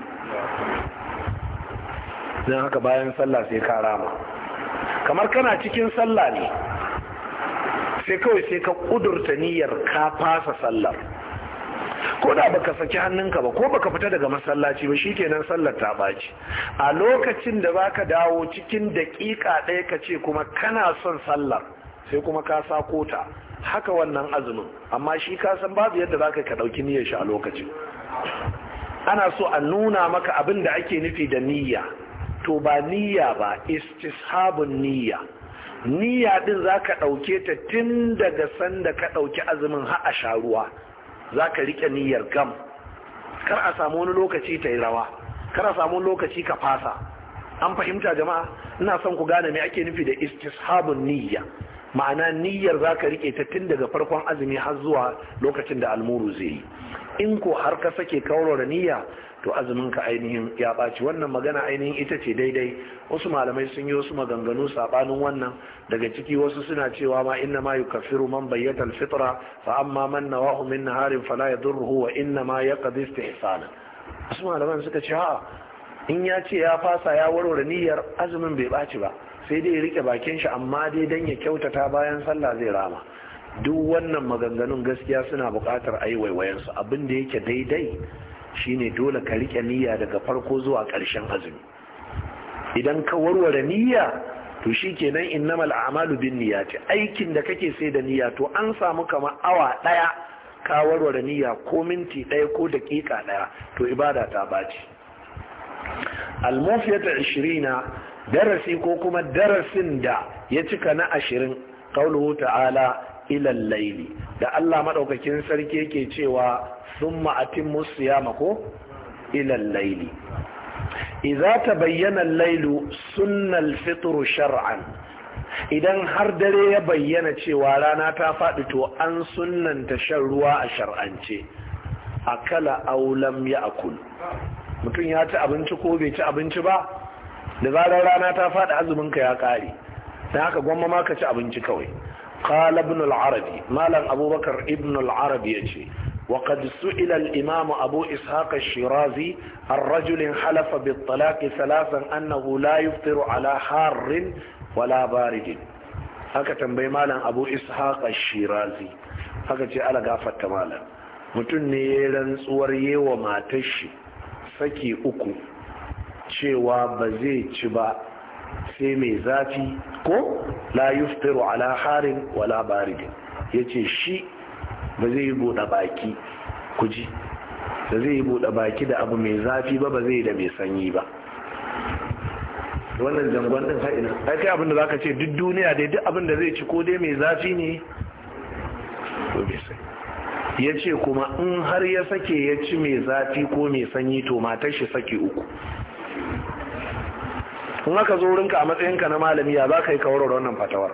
don haka bayan sallah sai ka rama kamar kana cikin sallah ne sai kawai sai ka kudurta niyyar ka fasa sallar ko da baka saki hannunka ba ko baka fita daga masallaci ba shikenan sallar ta baci a lokacin da baka dawo cikin daƙiƙa ɗaya ka ce kuma kana son sallar sai kuma ka sako ta haka wannan azumin amma shi kasan babu yadda zaka ka ɗauki niyyar shi a lokaci. ana so a nuna maka abin da ake nufi da niyya to ba niyya ba istishabun niyya niyya din ka ɗauke ta tun daga sanda ka ɗauki azumin har a za ka zaka rike niyyar gam kar a samu wani lokaci ta yi rawa kar a samu lokaci ka fasa an fahimta jama'a ina son ku gane me ake nufi da istishabun niyya ma'ana niyyar za ka rike ta tun daga farkon azumi har zuwa lokacin da almuru zai yi in ko har ka sake kaurara niyya to azumin ka ainihin ya ɓaci wannan magana ainihin ita ce daidai wasu malamai sun yi wasu maganganu saɓanin wannan daga ciki wasu suna cewa ma inna ma yukaffiru man bayyata alfitra fa amma man nawahu min naharin fala yadurruhu wa inna ma yaqdi istihsana wasu malaman suka ce a'a in ya ce ya fasa ya warware niyyar azumin bai ɓaci ba sai dai ya rike bakin shi amma dai dan ya kyautata bayan sallah zai rama duk wannan maganganun gaskiya suna buƙatar a yi waiwayensu abin da yake daidai shine dole ka rike niyya daga farko zuwa ƙarshen azumi idan ka warware niyya to shikenan innamal a'malu bin ce. aikin da kake sai da niyya to an samu kamar awa ɗaya ka warware niyya ko minti ɗaya ko daƙiƙa ɗaya to ibada ta baci al-mufiyatu 20 darasi ko kuma darasin da ya cika na ashirin kauluhu ta'ala ilal laili da Allah maɗaukakin sarki yake cewa summa musu siyama ko ilal laili idza ta bayyana lailu sunnal fituru shar'an idan har dare ya bayyana cewa rana ta faɗi to an sunnanta shan ruwa a shar'ance akala aulam ya akul mutum ya ci abinci ko bai ci abinci ba da zarar rana ta faɗi azumin ka ya ƙare dan haka gwamma ma ka ci abinci kawai qala ibn al-arabi malam abubakar ibn al-arabi yace وقد سئل الإمام أبو Shirazi, الشيرازي عن رجل حلف بالطلاق ثلاثا annahu la يفطر ala حار ولا بارد haka tambayi malam abu ishaq shirazi haka ce ala gafarta malam mutum ne ya rantsuwar yewa matar shi saki uku cewa ba zai ci ba sai mai zafi ko la yuftiru ala harin wala baridin yace shi ba zai bude baki kuji da zai bude baki da abu mai zafi ba ba zai da mai sanyi ba wannan jangon ɗin ina ai kai abinda za ka ce duk duniya dai duk abinda zai ci ko dai mai zafi ne to mai sai ya ce kuma in har ya sake ya ci mai zafi ko mai sanyi to matar shi sake uku in aka zo wurinka a matsayinka na malami ya za ka yi kawarar wannan fatawar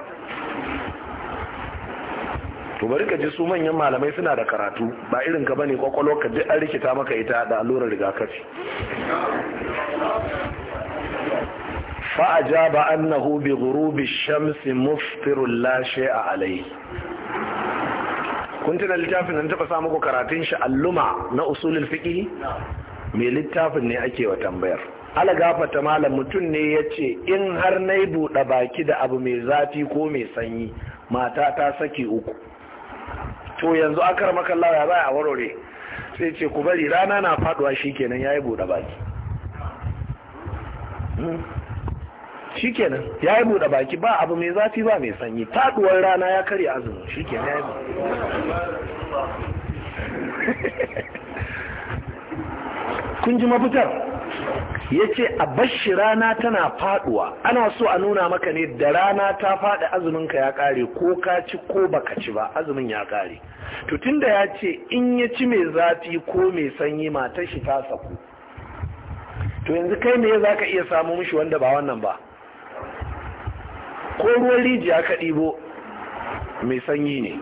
to bari ka ji su manyan malamai suna da karatu ba irin ka bane kwakwalwar ka duk an rikita maka ita da allurar rigakafi fa ajaba annahu bi ghurubi shamsi muftirun la shay'a alayhi kun tuna littafin nan taba samu karatun shi alluma na usulul fiqh me littafin ne ake wa tambayar ala gafata malam mutum ne ya ce in har na yi buɗe baki da abu mai zafi ko mai sanyi mata ta saki uku to yanzu akar makallawa ya baya a warware sai ce ku bari rana na faduwa shikenan ya yi buɗe baki hmm? shikenan ya yi buɗe baki ba abu mai zafi ba mai sanyi faduwar rana ya karya azumi shikenan ya yi kun ji mafitar ya ce a bashi rana tana faduwa ana so a nuna maka ne da rana ta faɗi azuminka ya ƙare ko ka ci ko baka ci ba azumin ya ƙare to tunda ya ce in ya ci mai zafi ko mai sanyi matar shi ta saku to yanzu kai ne za ka iya samu mishi wanda ba wannan ba ko ruwan rijiya ka ɗibo mai sanyi ne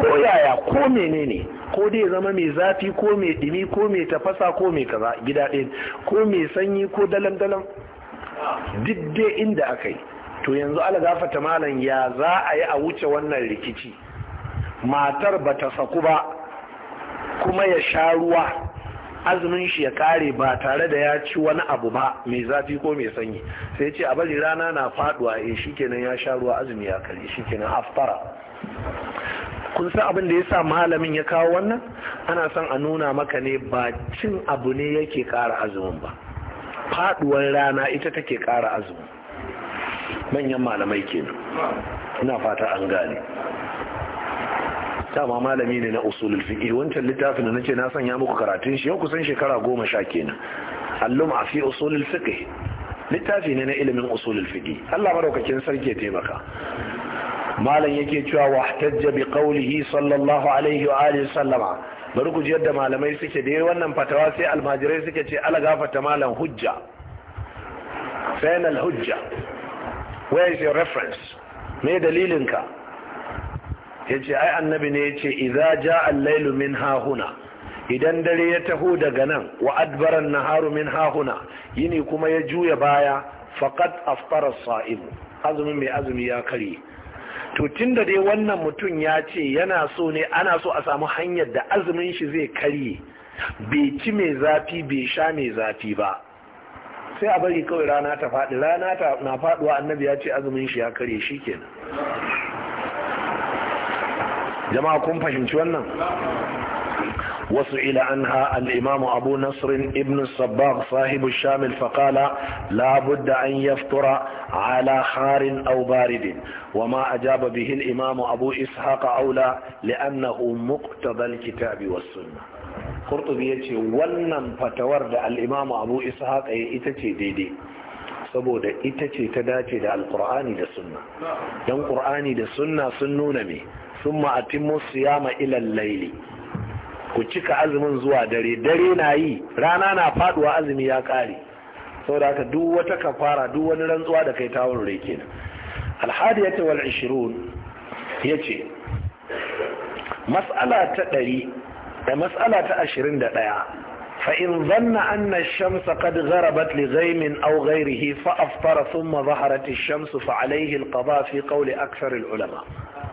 ko yaya ko menene ko dai zama mai zafi ko mai dimi ko mai tafasa ko mai kaza gida ɗaya ko mai sanyi ko dalandalan dalan duk dai inda aka yi to yanzu ala malam ya za a yi a wuce wannan rikici matar ba ta saku ba kuma ya sha ruwa azumin shi ya kare ba tare da ya ci wani abu ba mai zafi ko mai sanyi sai ce a bari rana na faduwa eh, shi kenan ya sha ruwa azumi ya kare kenan aftara kun san abin da ya sa malamin ya kawo wannan ana son a nuna maka ne ba cin abu ne yake ƙara azumin ba faduwar rana ita take ƙara azumi manyan malamai kenan ina fata an gane dama malami ne na usulul fiqh wancan littafin da nace na sanya muku karatun shi yau kusan shekara goma sha kenan allum a fi usulul fiqh littafi ne na ilimin usulul fiqi Allah madaukakin sarki ya taimaka malam yake cewa wahtajja bi qawlihi sallallahu alaihi wa alihi sallama bari ku yadda malamai suke da wannan fatawa sai almajirai suke ce ala gafarta malam hujja final hujja where is your reference me dalilinka yace ai annabi ne yace idza jaa al-lailu min huna. idan dare ya taho daga nan wa adbaran naharu min hahuna yini kuma ya juya baya faqad aftara sa'im azumi mai azumi ya kare to tunda dai wannan mutum ya ce yana so ne ana so a samu hanyar da azumin shi zai karye bai ci mai zafi bai sha mai zafi ba sai a bari kawai rana ta faɗi rana ta na faɗuwa annabi ya ce azumin shi ya kare shi kenan jama'a kun fahimci wannan وسئل عنها الإمام أبو نصر ابن الصباغ صاحب الشامل فقال لا بد أن يفطر على خار أو بارد وما أجاب به الإمام أبو إسحاق أولى لأنه مقتضى الكتاب والسنة قرطبي يجي ولن فتورد الإمام أبو إسحاق يتي ديدي saboda ita ce ta dace da alkur'ani da sunna don ƙur'ani da sunna sun nuna me sun ma'atin musu ku cika azumin zuwa dare dare na yi rana na faduwa azumi ya kare da aka duk wata kafara duk wani rantsuwa da kai tawon rai ya ce wal 20 ce mas'ala ta 100 da mas'ala ta 21 fa in zanna an na shamsa kad gharabat li min au gairihi fa aftara sun dhaharat shamsu fa alayhi al fi qawli aksarin ulama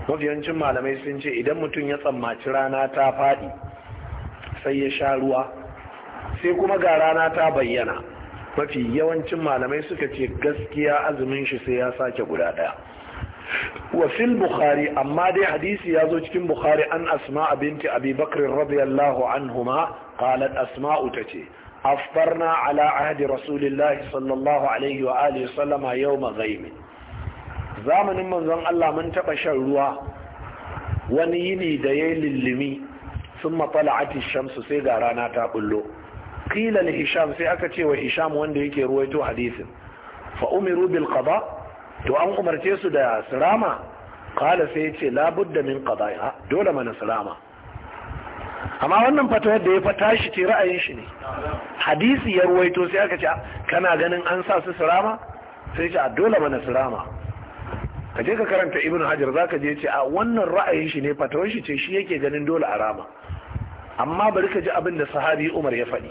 mafiyancin malamai sun ce idan mutum ya tsammaci rana ta faɗi. sai ya sha ruwa sai kuma ga rana ta bayyana mafi yawancin malamai suka ce gaskiya azumin shi sai ya sake guda daya wa bukhari amma dai hadisi ya zo cikin bukhari an asma binti abi bakr radiyallahu anhuma qalat asma'u tace afbarna ala ahdi rasulillahi sallallahu alaihi wa alihi sallama yawma ghaib zamanin manzon Allah mun taɓa shan ruwa wani yini da yayi lullumi sun mafala ati shamsu sai ga rana ta bullo qila hisham sai aka ce wa hisham wanda yake ruwaito hadisin fa umiru bil qada to an umarce su da sirama ƙala sai ce la da min qada'iha dole mana sirama amma wannan fata yadda ya fata shi ce ra'ayin shi ne hadisi ya ruwaito sai aka ce kana ganin an sa su sirama sai ce a dole mana sirama ka je ka karanta ibn hajar zaka je ce a wannan ra'ayin shi ne fatawar shi ce shi yake ganin dole a rama amma bari ka ji abin da sahabi umar ya faɗi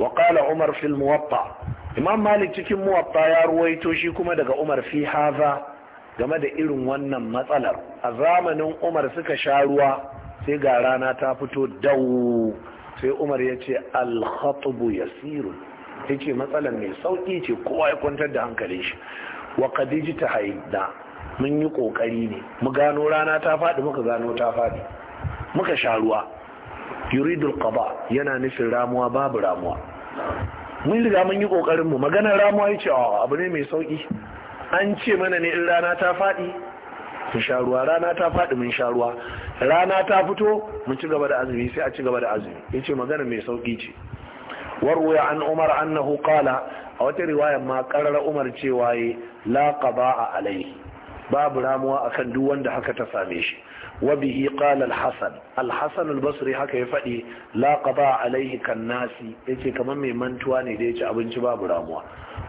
wa qala umar fil muwatta imam malik cikin muwatta ya ruwaito shi kuma daga umar fi haza game da irin wannan matsalar a zamanin umar suka sha ruwa sai ga rana ta fito dau sai umar ya ce al khatb yasir yace matsalar mai sauki ce kowa ya kwantar da hankalin shi wa qadiji ta mun yi kokari ne mu gano rana ta faɗi muka gano ta faɗi muka sha ruwa yuridul qada yana nufin ramuwa babu ramuwa mun riga mun yi kokarin mu maganar ramuwa yace a abu ne mai sauki an ce mana ne in rana ta fadi mu sha ruwa rana ta fadi mun sha ruwa rana ta fito mun ci gaba da azumi sai a ci gaba da azumi yace maganar mai sauki ce warwaya an umar annahu qala a wata riwaya ma karar umar cewa la qada'a alai babu ramuwa akan duk wanda haka ta same shi wa bihi qala al-hasan al basri haka ya fadi laƙaba alaihi kan nasi yace kamar mai mantuwa ne da ci abinci babu ramuwa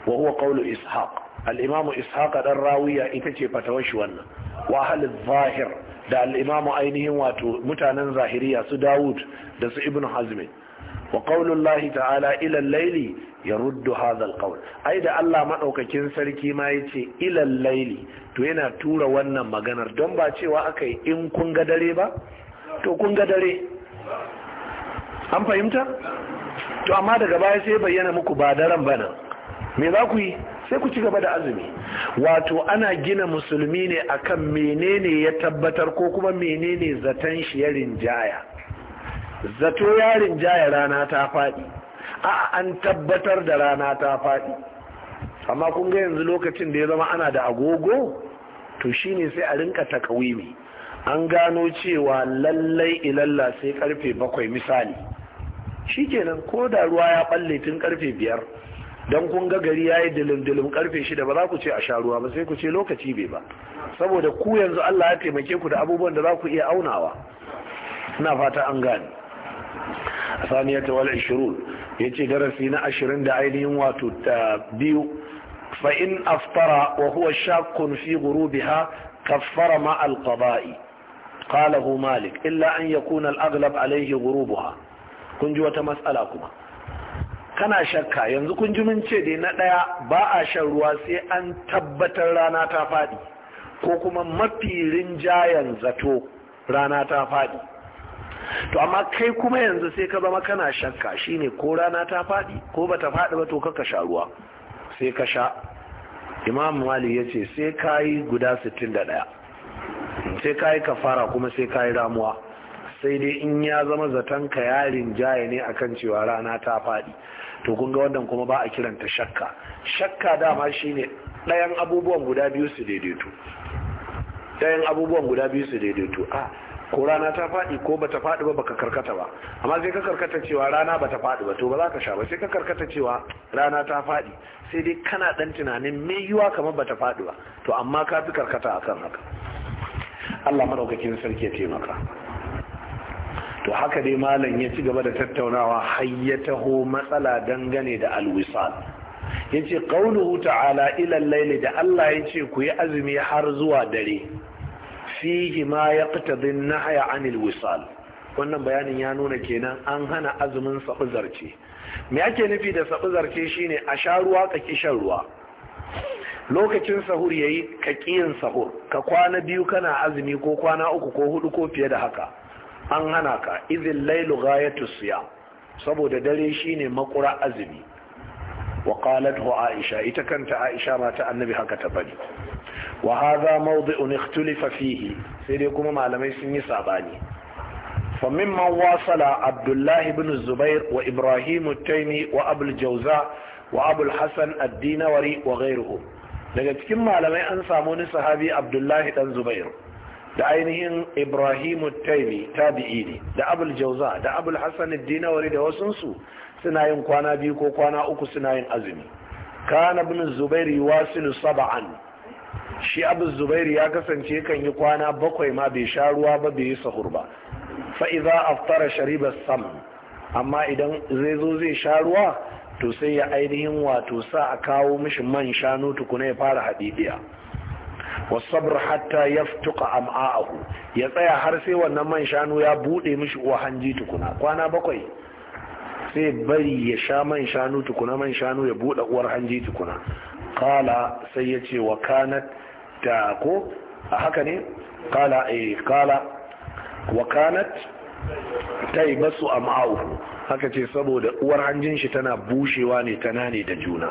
wa huwa qawlu ishaq al-imam ishaq ɗan rawiya ita ce fatawar shi wannan wa halin zahir da al'imamu ainihin wato mutanen zahiriya su Dawud da su Ibn Hazmin. wa qawlu ta'ala ilan laili. ya ruddu hadal qawl ai da Allah maɗaukakin sarki ma yace ilal laili to yana tura wannan maganar don ba cewa akai in kun ga dare ba to kun ga dare an fahimta to amma daga baya sai bayyana muku ba daren bana me za ku yi sai ku ci gaba da azumi wato ana gina musulmi ne akan menene ya tabbatar ko kuma menene zaton shi ya rinjaya zato ya rinjaya rana ta faɗi a an tabbatar da rana ta faɗi amma kun ga yanzu lokacin da ya zama ana da agogo to shine sai a rinka takawimi an gano cewa lallai ilalla sai karfe bakwai misali shikenan ko da ruwa ya balle tun karfe biyar don kun ga gari ya yi dilim-dilim karfe shida ba za ku ce a sha ruwa ba sai ku ce lokaci bai ba saboda ku yanzu Allah ya taimake ku da abubuwan da za ku iya aunawa ina fata an gane a saniyar tawal ya ce darasi na ashirin da ainihin wato ta biyu fa'in aftara wa huwa shakun fi gurubiha kaffara ma alqaba'i qalahu malik illa an yakuna al alaihi alayhi gurubuha kun ji wata matsala kuma kana shakka yanzu kun ji mun ce dai na ɗaya ba a shan ruwa sai an tabbatar rana ta faɗi ko kuma mafi rinjayen zato rana ta faɗi to amma kai kuma yanzu sai ka zama kana shakka shine ko rana ta faɗi ko bata faɗi ba to ka sha ruwa sai ka sha imam mali ya ce sai ka yi guda 61 sai ka yi kafara kuma sai ka yi ramuwa sai dai in ya zama zaton ka yarin jaye ne akan cewa rana ta faɗi to kun ga wannan kuma ba a kiranta shakka shakka dama shine ɗayan abubuwan guda biyu su daidaito ɗayan abubuwan guda biyu su daidaito a ah, ko rana ta faɗi ko bata faɗi ba baka karkata ba amma sai ka karkata cewa rana bata faɗi ba to ba za ka sha ba sai ka karkata cewa rana ta faɗi sai dai kana dan tunanin me yiwa kamar bata faɗi ba to amma ka fi karkata akan haka Allah madaukakin sarki ya taimaka to haka dai malam ya ci gaba da tattaunawa har ya taho matsala dangane da alwisal yace qauluhu ta'ala ila al da Allah yace ku yi azumi har zuwa dare fihi ma yaqtadi an 'anil wisal wannan bayanin ya nuna kenan an hana azumin sabu zarce me ake nufi da sabu zarce shine a sha ruwa ka ki shan ruwa lokacin sahur yayi ka kiyin sahur ka kwana biyu kana azumi ko kwana uku ko hudu ko fiye da haka an hana ka idhil lailu ghayatu siya saboda dare shine makura azumi wa qalat aisha ita kanta aisha mata annabi haka ta bari wa hadha mawdi'un ikhtulifa fihi sai dai kuma malamai sun yi sabani fa mimman wasala abdullahi ibn zubair wa ibrahim at-taymi wa abul jawza wa abul hasan ad-dinawari wa ghayruhum daga cikin malamai an samu ni sahabi abdullahi dan zubair da ainihin ibrahimu taimi tabi'i ne da abul da abul hassan dinawari da wasunsu suna yin kwana biyu ko kwana uku suna yin azumi kana ibn zubair yuwasilu sab'an shi abu zubairu ya kasance kan yi kwana bakwai ma bai sha ruwa ba bai yi sahur ba fa'iza fara sharibar sam amma idan zai zo zai sha ruwa to sai ya ainihin wato sa a kawo mishi man shanu tukuna ya fara haɗiɗiya sabar hatta ya tuka am'a'ahu ya tsaya har sai wannan man shanu ya buɗe mishi uwa hanji tukuna kwana bakwai sai bari ya sha man shanu tukuna man shanu ya buɗe uwar hanji tukuna kala sai ya ce wa kanat ta ko a haka ne kala eh kala wa kanat a ma'auku. haka ce saboda uwar hanjin shi tana bushewa ne ta ne da juna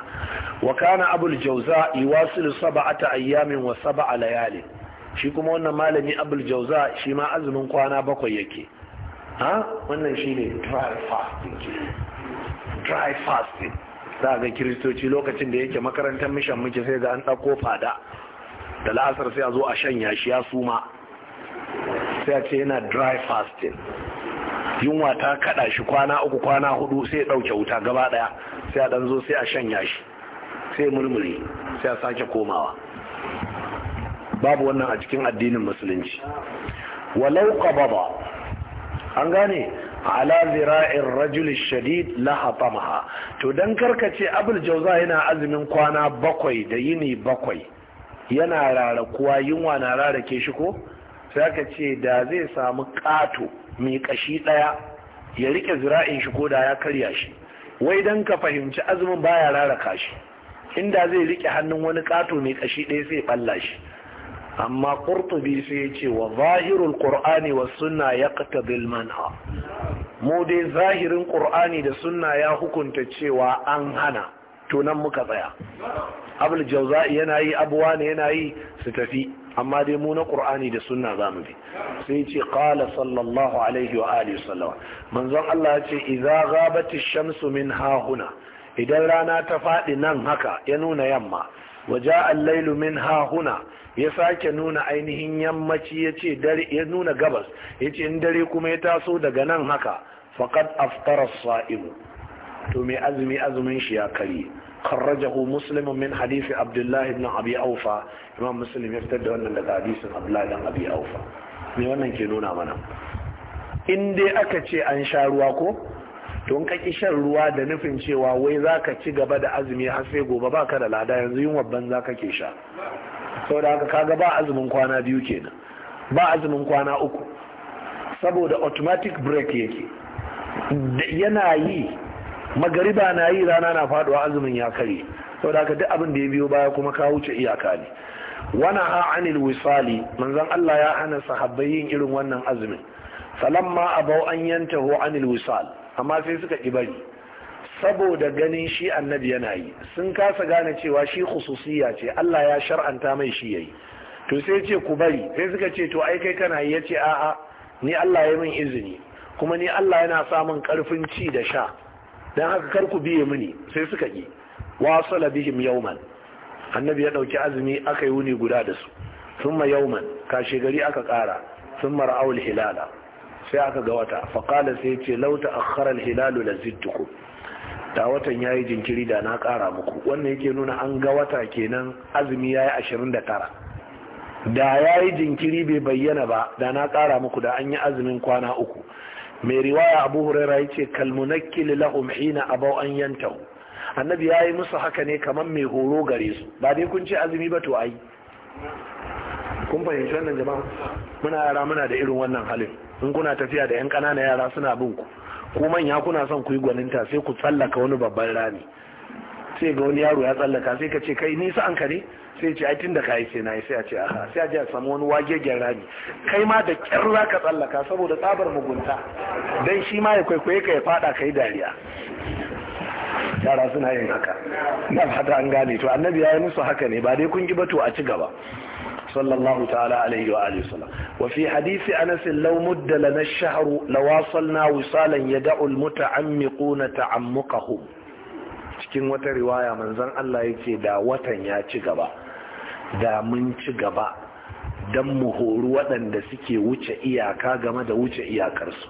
wa kana abul jauza a ta ayyamin wa sab'a layali shi kuma wannan malami abul jauza shi ma azumin kwana bakwai yake ha wannan ne dry fasting dry fasting za ga kiristoci lokacin da yake makarantar mishan muke sai ga an ɗauko fada da la'asar sai a zo a shanya shi ya suma sai a ce yana dry fasting yunwa ta kada shi kwana uku kwana hudu sai ya dauke wuta gaba daya sai a dan zo sai a shanya shi sai mulmuli, sai a sake komawa babu wannan a cikin addinin musulunci walau qababa an gane ala zira'in rajul shadid la hatamaha to dan karkace abul jauza yana azumin kwana bakwai da yini bakwai yana rara kuwa yunwa na rarake shi ko sai aka ce da zai samu kato mai ƙashi ɗaya ya rike zira'in shi ko da ya karya shi wai don ka fahimci azumin baya raraka shi inda zai rike hannun wani kato mai ƙashi ɗaya sai ɓalla shi amma ƙurtubi sai ya ce wa zahirul ƙur'ani wa sunna ya bilman manha mu dai zahirin ƙur'ani da sunna ya hukunta cewa an hana Tunan muka tsaya abul jauza'i yana yi abuwa ne yana yi su tafi amma dai mu na qur'ani da sunna zamu bi sai ce qala sallallahu alaihi wa alihi sallama manzon Allah ya ce idza ghabati shamsu min hahuna idan rana ta faɗi nan haka ya nuna yamma waje allailu min hahuna ya sake nuna ainihin yammaci ya dare ya nuna gabas ya ce in dare kuma ya taso daga nan haka faƙad aftarar sa'imu to mai azumi azumin shi ya karye خرجه مسلم min حديث عبد الله بن aufa imam امام ya fitar da wannan daga hadisin abdullah ibn abi aufa me wannan ke nuna mana in dai aka ce an sha ruwa ko to in ka shan ruwa da nufin cewa wai zaka ci gaba da azumi har sai gobe baka da lada yanzu yin wabban zaka ke sha saboda haka kaga ba azumin kwana biyu kenan ba azumin kwana uku saboda automatic break yake yana yi magariba na yi rana na faduwa azumin ya kare saboda haka duk abin da ya biyo baya kuma ka wuce iyaka ne wana ha anil wisali manzon Allah ya hana sahabbai yin irin wannan azumin Salam falamma abau an yantahu anil wisal amma sai suka bari. saboda ganin shi annabi yana yi sun kasa gane cewa shi khususiyya ce Allah ya shar'anta mai shi yayi to sai ce ku bari sai suka ce to ai kai kana yi yace a'a ni Allah ya min izini kuma ni Allah yana samun karfin ci da sha dan haka kar ku biye mini sai suka yi. wasala bihim yauman. annabi ya dauki azumi aka yi wuni guda da su thumma yawman kashe gari aka kara thumma ra'awul hilala sai aka ga wata qala sai yace law ta'akhkhara al-hilalu zidtukum da watan yayi jinkiri da na kara muku wannan yake nuna an ga wata kenan azumi yayi 29 da yayi jinkiri bai bayyana ba da na kara muku da an yi azumin kwana uku mai riwaya abu huraira ya ce kalmunakki lahum hina abau an yantahu annabi ya yi musu haka ne kamar mai horo gare su ba dai kun ce azumi ba to ai kun fahimci wannan jama'a muna yara muna da irin wannan halin in kuna tafiya da yan ƙanana yara suna bin ku ku manya kuna son ku yi gwaninta sai ku tsallaka wani babban rami sai ga wani yaro ya tsallaka sai ka ce kai nisa an kare sai ce ai tun da ka yi sai na yi sai a ce aha sai a je a samu wani wagegen rami kai ma da kyar za ka tsallaka saboda tsabar mugunta dan shi ma ya kwaikwaye ka ya fada ka yi dariya yara suna yin haka na fata an gane to annabi ya yi musu haka ne ba dai kun ki bato a ci gaba sallallahu ta'ala alaihi wa alihi wasallam wa fi hadisi anas law mudda lana ash-shahr lawasalna wisalan yad'u al-muta'ammiquna ta'ammuqahum cikin wata riwaya manzon Allah ya ce da watan ya ci gaba da mun ci gaba don mu hori waɗanda suke wuce iyaka game da wuce iyakarsu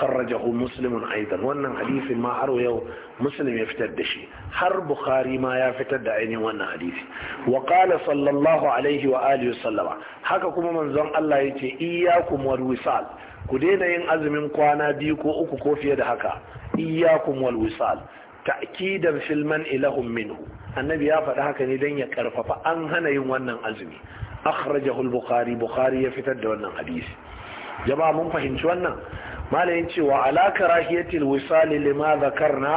kharrajahu muslimun aidan wannan hadisin ma har yau muslim ya fitar da shi har bukhari ma ya fitar da ainihin wannan hadisi wa qala sallallahu alaihi wa alihi sallama haka kuma manzon Allah yace iyyakum wal wisal ku daina yin azumin kwana biyu ko uku ko fiye da haka iyyakum wal wisal ta'kidan filman ilahun minhu annabi ya faɗi haka ne don ya karfafa an hana yin wannan azumi akhrajahu al-bukhari bukhari ya fitar da wannan hadisi jama'a mun fahimci wannan malamin cewa ala karahiyati al-wisal lima dhakarna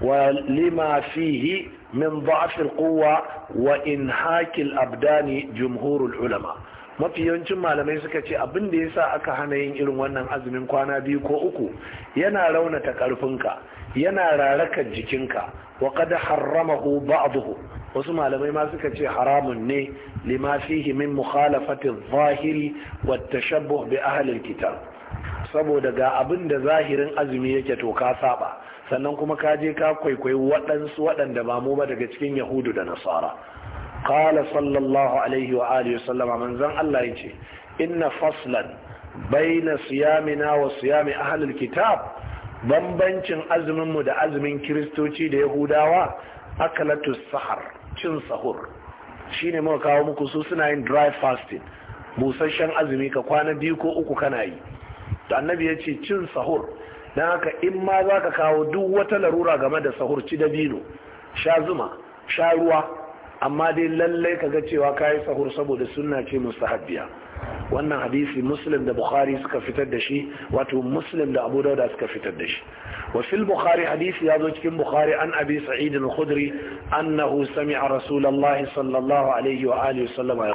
wa lima fihi min da'f al-quwwa wa inhak al-abdani jumhur al-ulama mafi yawancin malamai suka ce abin da yasa aka hana yin irin wannan azumin kwana biyu ko uku yana raunata karfinka yana rarakan jikinka wa kada harramahu ba'dahu wasu malamai ma suka ce haramun ne lima fihi min mukhalafati zahiri wa tashabbuh bi ahlil kitab. saboda ga abin da zahirin azumi yake to ka saba sannan kuma ka je ka kwaikwayi waɗansu waɗanda ba mu ba daga cikin yahudu da nasara qala sallallahu alaihi wa alihi sallama manzon Allah yace inna faslan baina siyamina wa siyami ahlil kitab? bambancin azuminmu da azumin kiristoci da yahudawa akalatus sahar cin sahur shi ne muka kawo muku su suna yin dry fasting busasshen azumi ka kwana biyu ko uku kana yi to annabi ya ce cin sahur don haka in ma za ka kawo duk wata larura game da sahur ci dabino sha zuma sha ruwa amma dai lallai ka ga cewa ka yi sahur saboda sunna ce mustahabbiya wannan hadisi muslim da bukhari suka fitar da shi wato muslim da abu dauda suka fitar da shi wa fil bukhari hadisi ya zo cikin bukhari an abi sa'idin khudri annahu sami'a rasulullahi sallallahu alaihi wa alihi wasallam